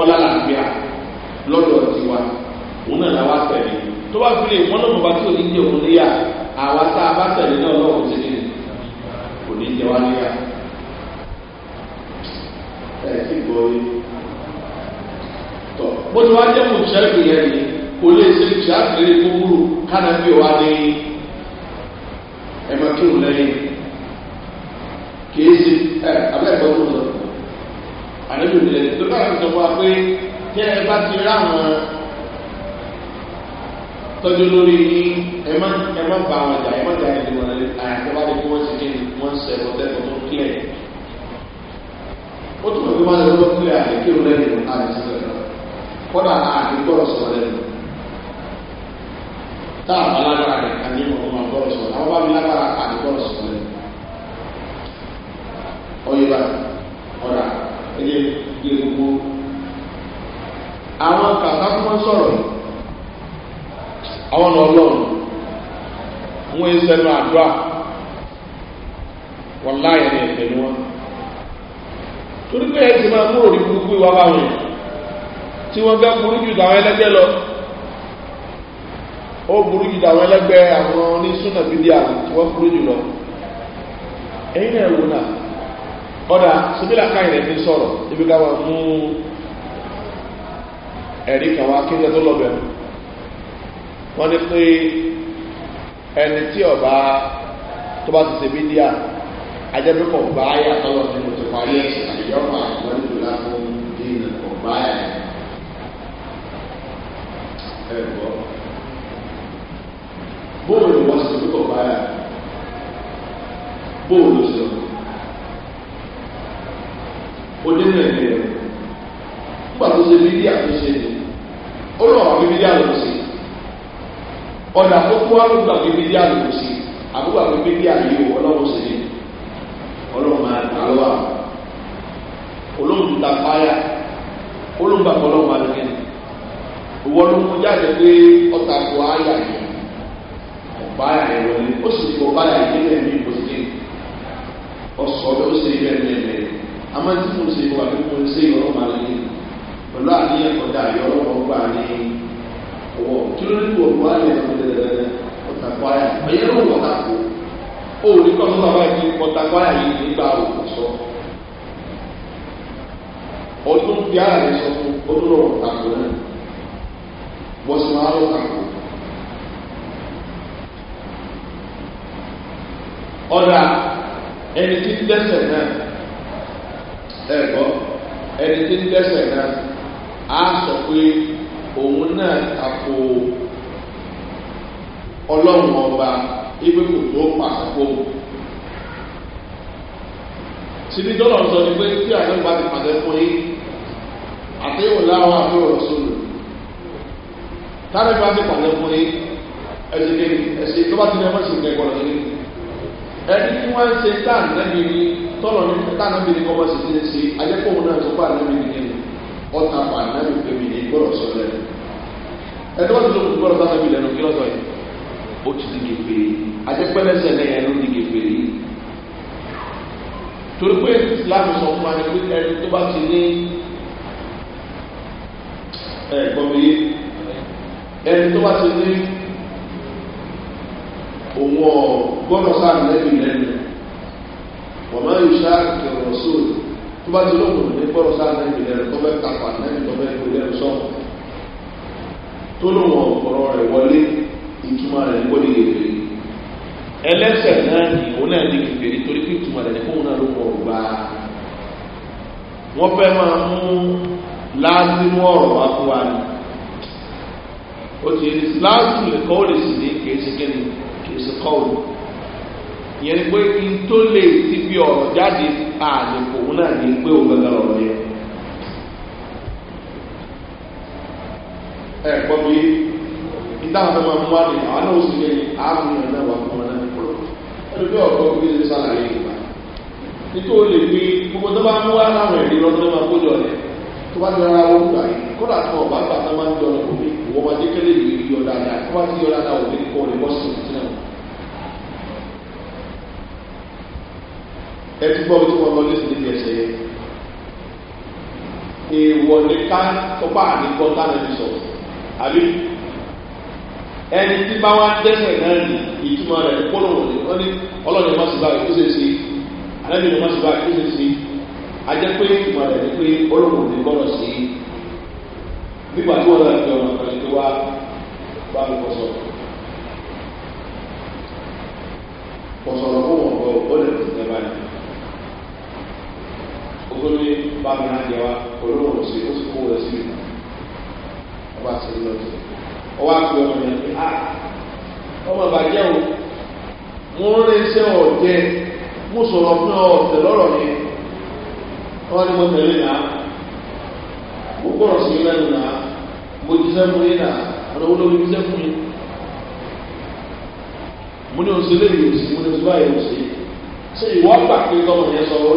ọlá làbíà lọ́dọ̀ tiwa òun náà la wá tó bá fi lè mọ́ náà tó bá ò àwa tá a bá tẹ̀lé náà lọ́wọ́ ti ní kò ní jẹ wá níyà. ẹ ti gbọ́ yé tọ́ bó ti wá jẹ́ mọ̀ ṣẹ́gun yẹn ni kò lè ṣe ṣàkiri kúkúrú kánà bí wà ní ẹ̀mọ́ kí n lẹ́yìn kìí ṣe ẹ abẹ́ẹ̀kọ́ tó lọ. àlejò ìdílé tó dára sọ fún pé tí ẹ bá ti rí àwọn tọ́jú lórí ní ẹ má ẹ má bá wọn jà ẹ má jà ẹ̀dùn wọn lẹ́lẹ́ àyàtọ̀wá ni kí wọ́n ti dín wọ́n sẹ̀ wọ́n tẹ́kọ̀ọ́ tó kílẹ̀. ó tún lọ́ọ́ wọn lọ́ọ́ kílẹ̀ àdékè wọn lẹ́nu àdékè wọn lẹ́nu kọ́dà àdékọ́rọ̀ sọ̀rọ̀ lẹ́nu. tá a bá lágbára rẹ̀ ká ní ìmọ̀ ọmọ àgbọ̀rọ̀ sọ̀rọ̀ àwọn bá mi lágbára àdékọ́rọ̀ sọ̀rọ̀ lẹ́nu. ọ̀yẹ̀bà ọ̀dà ẹ̀yẹ àwọn na ọlọ́run àwọn ìṣẹ́nu àdúrà wọ́n láyé ní ẹ̀fẹ́ ni wọ́n torí pé ẹ ti máa kúrò ní gbogbo ìwà báwọn yẹn tí wọ́n gá burú jù lọ ó burú jù ẹlẹ́gbẹ́ àwọn oníṣúná bíbí àrùn tí wọ́n burú jù lọ ẹ̀yin náà wò náà ọ̀dà káyìn fi sọ̀rọ̀ ibi mú ẹ̀rí kan wá wọ́n ní pé ẹni tí ọba tó bá ti ṣe bí díà ajẹ́bíkọ̀ ọba ayé àtọ́lọ́ ní mo ti parí ẹ̀sìn àyọ̀pá ìwọ́n nílò láti dínà ọba ẹ̀ ẹ̀ gbọ́. bóòlù ni wọ́n ti ṣe bíkọ̀ ọba ẹ̀ bóòlù sọ ó dé ní ẹ̀mí rẹ̀ nígbà tó ṣe bí díà tó ṣe ó lọ́wọ́ bí díà ló ṣe ọ̀dà tó kú wá ló gbà pé bíbí àlùkò sí àbúgbà pé bíbí àlùyò ọlọ́run sì ni ọlọ́run máa ta lọ́wọ́ àwọn olóhùn ta fáyà olóhùn gbà pọ̀ lọ́wọ́ àlùkò ni ìwọ ló mú jáde pé ọ̀tà kò áyà yìí ọ̀pá àyà yìí wọlé ó sì fi ọ̀pá àyà yìí lẹ́yìn ní ìbòsíkè ọ̀sọ̀ ọ̀dọ́ ó sì rí bẹ́ẹ̀ àmọ́ tí mo ṣe wà pé mo ṣe ìrọ̀rùn àlùkò pẹ̀lú àníyàn kọjá ìyọ̀rọ̀ ọgbà ní ọwọ́ kí ló ní wọ̀n wá lẹ̀ ọ̀tàkwáyà ọ̀yẹ́ ló wọ̀ tako ó ní kọ́ sọ́dọ̀ bá yìí ọ̀tàkwáyà yìí nígbà òkú sọ ọdún fi ara rẹ̀ sọ fún ọdún ọ̀rọ̀ tako náà wọ́n sì máa lọ tako. ọ̀dà ẹni tí ń dẹ́sẹ̀ náà ẹ̀gbọ́n ẹni tí ń dẹ́sẹ̀ náà á sọ pé òun náà tako ọlọ́run ọba ibi kò tó pàṣípò síbi dọ́là sọ ni pé tí àdéhùn bá ti pàṣẹ fún yín àdéhùn láwọn àbúrò sólù tábìlì bá ti pàṣẹ fún yín ẹsẹ̀ kéde ẹsẹ̀ tó bá ti ní ẹgbẹ́ ìṣòwò ẹgbẹ́ ọ̀rọ̀ yín ẹni tí wọ́n ń ṣe táà nẹ́bi ni tọ́lọ̀ ní táà nẹ́bi ni kọ́ bá ṣe ti ṣe ayẹ́kọ̀ọ́ náà sọ pé àdéhùn ni kéde ọ̀tà pa ànábì pé mi ní gbọ́dọ̀ sọ lẹ́nu ẹni wọ́n ti lókun gbọ́dọ̀ sábẹ́ mi lẹ́nu kí lọ́sọ̀ yìí ó ti di gèfèrè àjẹpẹ́lẹ́sẹ̀ lẹ́yìn ló di gèfèrè yìí torí pé láti sọ fún wa ni pé ẹni tó bá ti ní ẹ̀gbọ́nmi ẹni tó bá ti ní òun ọ̀ gbọ́dọ̀ sábẹ́ mi lẹ́nu wọ́n máa ń ṣáà kẹrọ̀ sóòlù tó bá ti lóògùn ní gbọ́dọ̀ sáà náà ìbílẹ̀ rẹ̀ tó fẹ́ tàpá náà tó fẹ́ ìbílẹ̀ rẹ̀ sọ tó lóun ọ̀pọ̀rọ̀ rẹ̀ wọlé ìtumọ̀ rẹ̀ kó ní kèfèrè ẹlẹ́sẹ̀ náà ni òun náà ní kèfèrè torí pé ìtumọ̀ rẹ̀ kóun náà ló pọ̀ gbà á wọ́n fẹ́ máa mú láàzínú ọ̀rọ̀ wá fún wa ni ó ti láàzínú ìkọ́wé sì ní kèé ṣe kí ni ìyẹn ni pé kí n tó lè ti fi ọ̀rọ̀ jáde àlèkò òun náà ní pé òun gbẹgbẹ ọ̀rọ̀ yẹn. ẹ gbọ́ mi ìdáhùn tó máa mú wá nìyẹn àwọn náà ó sì lè ààrùn yẹn náà wà fún wọn náà kúrò ẹni bí ọ̀rọ̀ gbé ní sálàyé ìgbà nítorí ó lè fi gbogbo tó bá mú wá láwọn ẹ̀rí lọ́dún náà kó jọ rẹ̀ tó bá ti rárá wọn gbà yìí kó dà ọ̀bá gbà tó máa ń jọ ọ̀rọ̀ kò ẹtí gbọ́ tí wọ́n lọ ní sídìí ẹsẹ̀ yẹn èèwọ̀ ní ká tọ́pá àdìgbọ́ táwọn ti sọ àbí ẹni tí bá wá dẹ́sẹ̀ náà ní ìtumọ̀ rẹ̀ kóló wọ̀nyí wọ́n ní ọlọ́run má sì báyìí kó ṣe é ṣe anábìyẹ má sì báyìí kó ṣe é ṣe ajẹ́ pé ìtumọ̀ rẹ̀ ni pé ọlọ́run ní gbọ́dọ̀ sí i nígbà tí wọ́n lọ fi ọ̀nà kan ṣe wá bá mi kọ́ sọ̀rọ̀ kọ́ sọ̀rọ̀ fún wọn kọ́ ó lè olóyè bá mi náà jẹ wa olóhùn sí ó sì kó wọlé sí mi ọba àti ẹni lọ́jọ́ ọwọ́ àti ọmọ yẹn pé ah ọmọ ìbàjẹ́ o mo ń rìn iṣẹ́ ọ̀jẹ́ mo sọ̀rọ̀ fún ọ ọ̀tẹ̀ lọ́rọ̀ yẹn wọ́n ní mo tẹ̀lé e náà mo gbọ́dọ̀ sí lẹ́nu náà mo jíṣẹ́ fún yín náà ọ̀nà wo ló fi jíṣẹ́ fún yín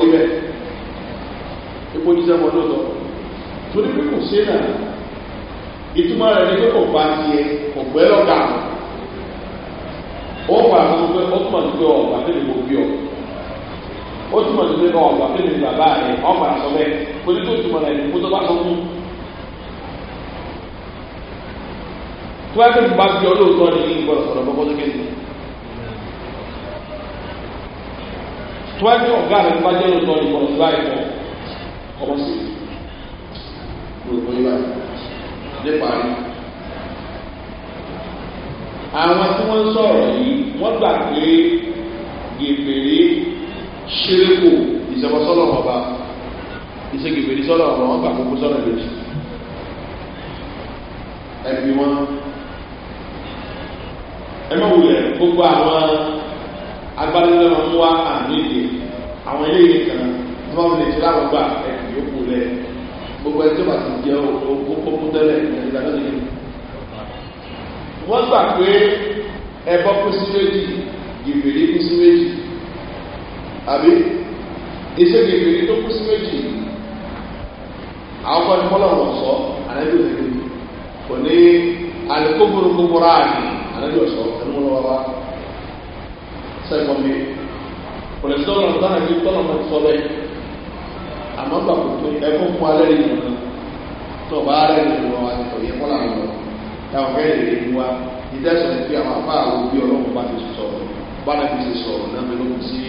mo ní ipò jíjẹ́ wọn lọ́tọ̀ torí pé kò ṣe náà ìtumọ̀ rẹ̀ ní pé kò bá tiẹ̀ kò gbẹ́ lọ́gà ó wà fún pé ó túmọ̀ sí pé ọ̀gbà tó lè mo bí ọ ó túmọ̀ sí pé ọ̀gbà tó lè bàbá rẹ̀ ọ̀gbà sọ bẹ́ẹ̀ kò ní tó túmọ̀ rẹ̀ ní kó tó bá sọ fún tó bá tó bá bí ọlọ́ọ̀tọ́ ni kí n gbọ́dọ̀ sọ̀rọ̀ bọ́bọ́ tó kéde tó bá tó ọ̀gá rẹ̀ bá jẹ́ ọ̀tọ́ ni kò ní báyìí ọwọ́ sí gbogbo ìwà níparí. àwọn tí wọ́n ń sọ̀rọ̀ yìí wọ́n gbà pé gèbèrè ṣeréko ìṣẹ̀fọ́sọ́nà ọba ìṣègèbèrè sọ́nà ọba wọ́n gbà kókó sọ́nà méjì ẹbí wọn ẹ má wulẹ̀ gbogbo àwọn agbálẹ́lẹ́ wọn wá àmì èdè àwọn eléyìí kan tí wọ́n lè ti láwọn gbà ẹ yòókù lẹ̀ gbogbo ẹni tó bá ti jẹ́ òkú tẹ́lẹ̀ ìdájọ́ nìyẹn. wọ́n gbà pé ẹbọ kú sí méjì gèbèrè kú sí méjì àbí iṣẹ́ gèbèrè tó kú sí méjì àwọn kan fọlọ́ wọ̀ sọ ànájú òṣèlú kò ní alikóboro kóboro àná ànájú ọ̀sọ́ ẹnu wọn wá sẹ́kọ̀ọ́ mi kò lè sọ̀rọ̀ nígbà tí tọ́lọ̀ mọ́ ti sọ bẹ́ẹ̀ àmọ́ gbà kò pé ẹkọ́ fún alẹ́ rẹ̀ nù náà tó o bá rẹ̀ nù lọ àti tọ̀ yẹ kọ́là lọ táwọn fẹ́ rẹ̀ mú wa ìdẹ́sọ̀ ní pé àwọn afá àwọn òbí ọlọ́run bá ti sọ̀rọ̀ bá náà fi ṣe sọ̀rọ̀ náà mi ló kù sí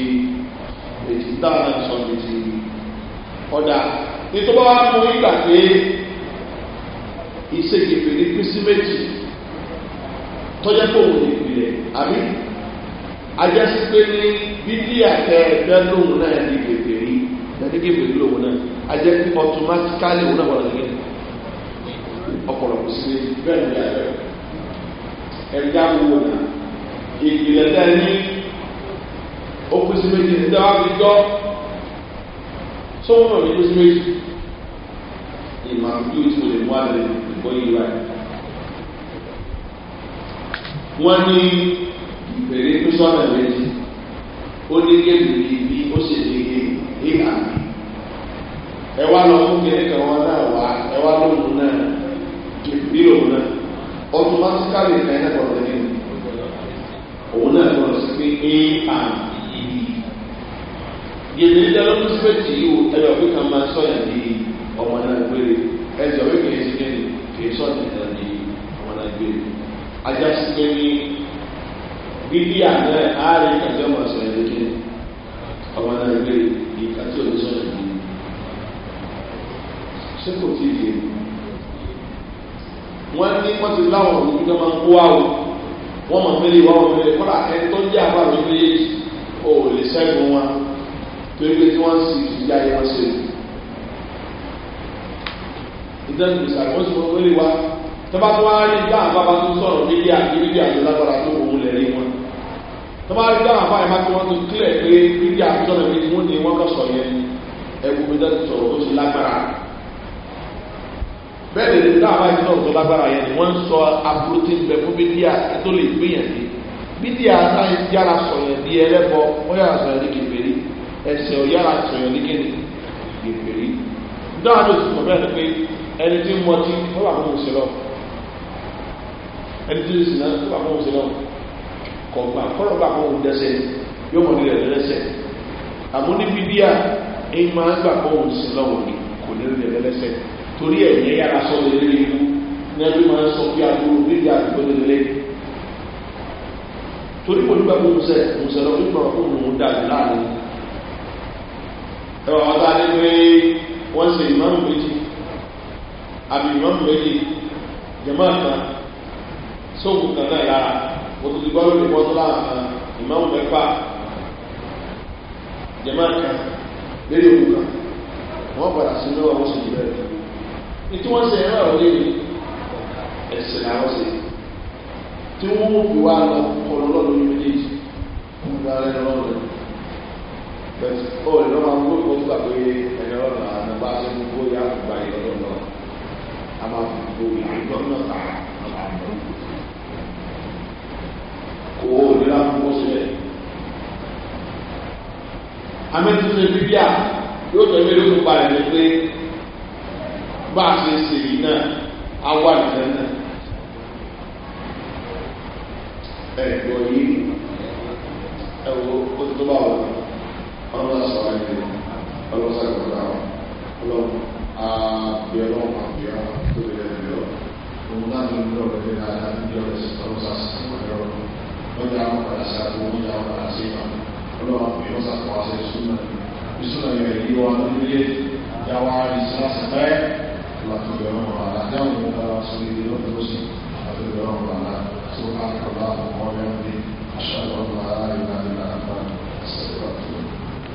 ètí táwọn náà sọ ní ti ọ̀dà nítorí wọ́n mú ìgbà pé ìṣègbè ní kristi tọ́jà tó wò ní ìpìlẹ̀ àbí ajásí pé ní bíbí àtẹ ẹgbẹ́ lóhùn náà ní gẹ́gẹ́ ìbèrè lòun náà a jẹ́ kí ọtọmátíkálì òun náà wà lóye ọ̀pọ̀lọpọ̀ sí bẹ́ẹ̀ ni àgbẹ̀ ẹ̀dá wo náà ìgbìlẹ̀ náà ní okùn sí méjì ní dáwà fi gbọ́ sọ́wọ́n náà ní okùn sí méjì ìmọ̀ àbí ojú olè mú àlẹ́ ìgbọ́ yìí wáyé wọ́n ní ìbèrè tó sọ́nà méjì ó ní gébìrì bí ìhà ẹ wá lọ fún kẹ́kẹ́ kan wọn náà wá ẹ wá lóhùn náà bí òun náà ọtọmátíkàlì kan náà gbọdọ̀ ní òun náà gbọdọ̀ sí pé ìhà yèlè ìdáná tó fẹ́ tì o àwọn náà gbé nǹkan tí òun sọ̀rọ̀ yìí ṣé kò tí ì yé wọ́n ní wọ́n ti láwọn òun tó máa ń kó wá o wọ́n máa mẹ́lẹ̀ wá wọn mẹ́lẹ̀ kọ́lá ẹni tó jẹ́ àbá mi méjèèjì ò lè ṣẹ́gun wọn torí pé tí wọ́n sì fi yá yẹn ṣe o ìdẹ́nu ìsàlẹ̀ wọ́n sì mọ̀ mẹ́lẹ̀ wá tọ́ba tó wá rí bá àbá tó sọ̀rọ̀ méjì àti méjì àti lágbára tó òun lẹ̀ rí wọn tọ́ba rí dáhùn àbáyé má ti wọ́n ti kílẹ̀ pé bíbí àtúntọ́nà mi wọ́n ní wọ́n kọ́ sọ yẹn ẹ̀kú mi dẹ́tù sọ̀rọ̀ ó ti lágbára. bẹ́ẹ̀ lè dáhùn àbáyé sọ̀rọ̀ tó lágbára yẹn ni wọ́n ń sọ aburú ti ń bẹ fún bíbí àtúntò lè gbìyànjú bíbí àtúntò yára sọ yẹn di ẹlẹ́bọ wọ́n yára sọ yẹn ní kẹfẹ́rí ẹsẹ̀ ò yára sọ yẹn ní kẹfẹ́rí. dáhùn àti òsùn bẹ́ẹ̀ ni pé kọ̀gbà kọ́lọ̀ bá kọ́ òun dẹ́sẹ̀ yóò mọ̀ nílẹ̀ lẹ́sẹ̀ àmọ́ níbi díà èyí máa ń gbà kọ́ òun sí lọ́wọ́ ni kò ní nílẹ̀ lẹ́sẹ̀ torí ẹ̀yẹ yára sọ lélẹ́ ikú nẹ́bí máa ń sọ bí agbóró níbi àdúgbò lélẹ́ torí kò nígbà kóun sẹ òun sẹ lọ nígbà kóun òun dàbí láàrin ẹwà wọn táa ní pé wọn ṣe ìmáàmù méjì àbí méjì jẹmáà kan sóògùn kan náà lára mo tún ti gbọ́ lórí mọ́tòlá kan ìmáwù mẹ́fà jẹ̀má kan òkú kan wọ́n padà sí lọ́wọ́ wọ́n sì jù bẹ́ẹ̀ ni tí wọ́n ṣe ẹ̀rọ òde ni ẹ̀sìn làwọn ṣe tí wọ́n fi wá lọ kọlọ lọ́dún ní méjèèjì fún ìgbà rẹ̀ lọ́dún bẹ́ẹ̀ ó lè lọ́wọ́ àwọn olùkọ́ tó gbà pé ẹ̀rọ ọ̀nà àgbà ṣe gbogbo yà àgbà ìlọ́dún náà a máa fi gbogbo ìlú náà tààrà. owó òdìlá fún ọ̀sẹ̀. amẹ́túnṣe bíbíà yóò tọ́ ilé lókun balẹ̀ ní pé bá a ṣe ṣe yìí náà á wà nìkan náà. ẹ̀gbọ́n yìí ẹ̀wọ̀ ó ti tó bá wọ̀ ọlọ́run sọ̀rọ̀ ẹ̀gbẹ́ ọlọ́run sọ̀rọ̀ ẹ̀gbẹ́ ọlọ́run àbí ọlọ́run àbí ọlọ́run tó lè lẹ́nu lọ òun náà ní ọlọ́run lè lẹ́nu àbí ọlọ́run jẹ́ pada padà sí àti wọ́n jẹ́ àwọn padà sí ìmọ̀ ọlọ́wọ́ yang wọ́n sàkọ́ àṣẹ ìṣúná ìṣúná yọ̀ èyí wa nílé yàwá ìṣúná sàbẹ́ látọ̀bẹ̀rún ọ̀la dáhùn ìdára sórí ilé lọ́dọ̀ọ́sì àtọ̀bẹ̀rún ọ̀la tó bá kọ̀ọ̀lá ọ̀rẹ́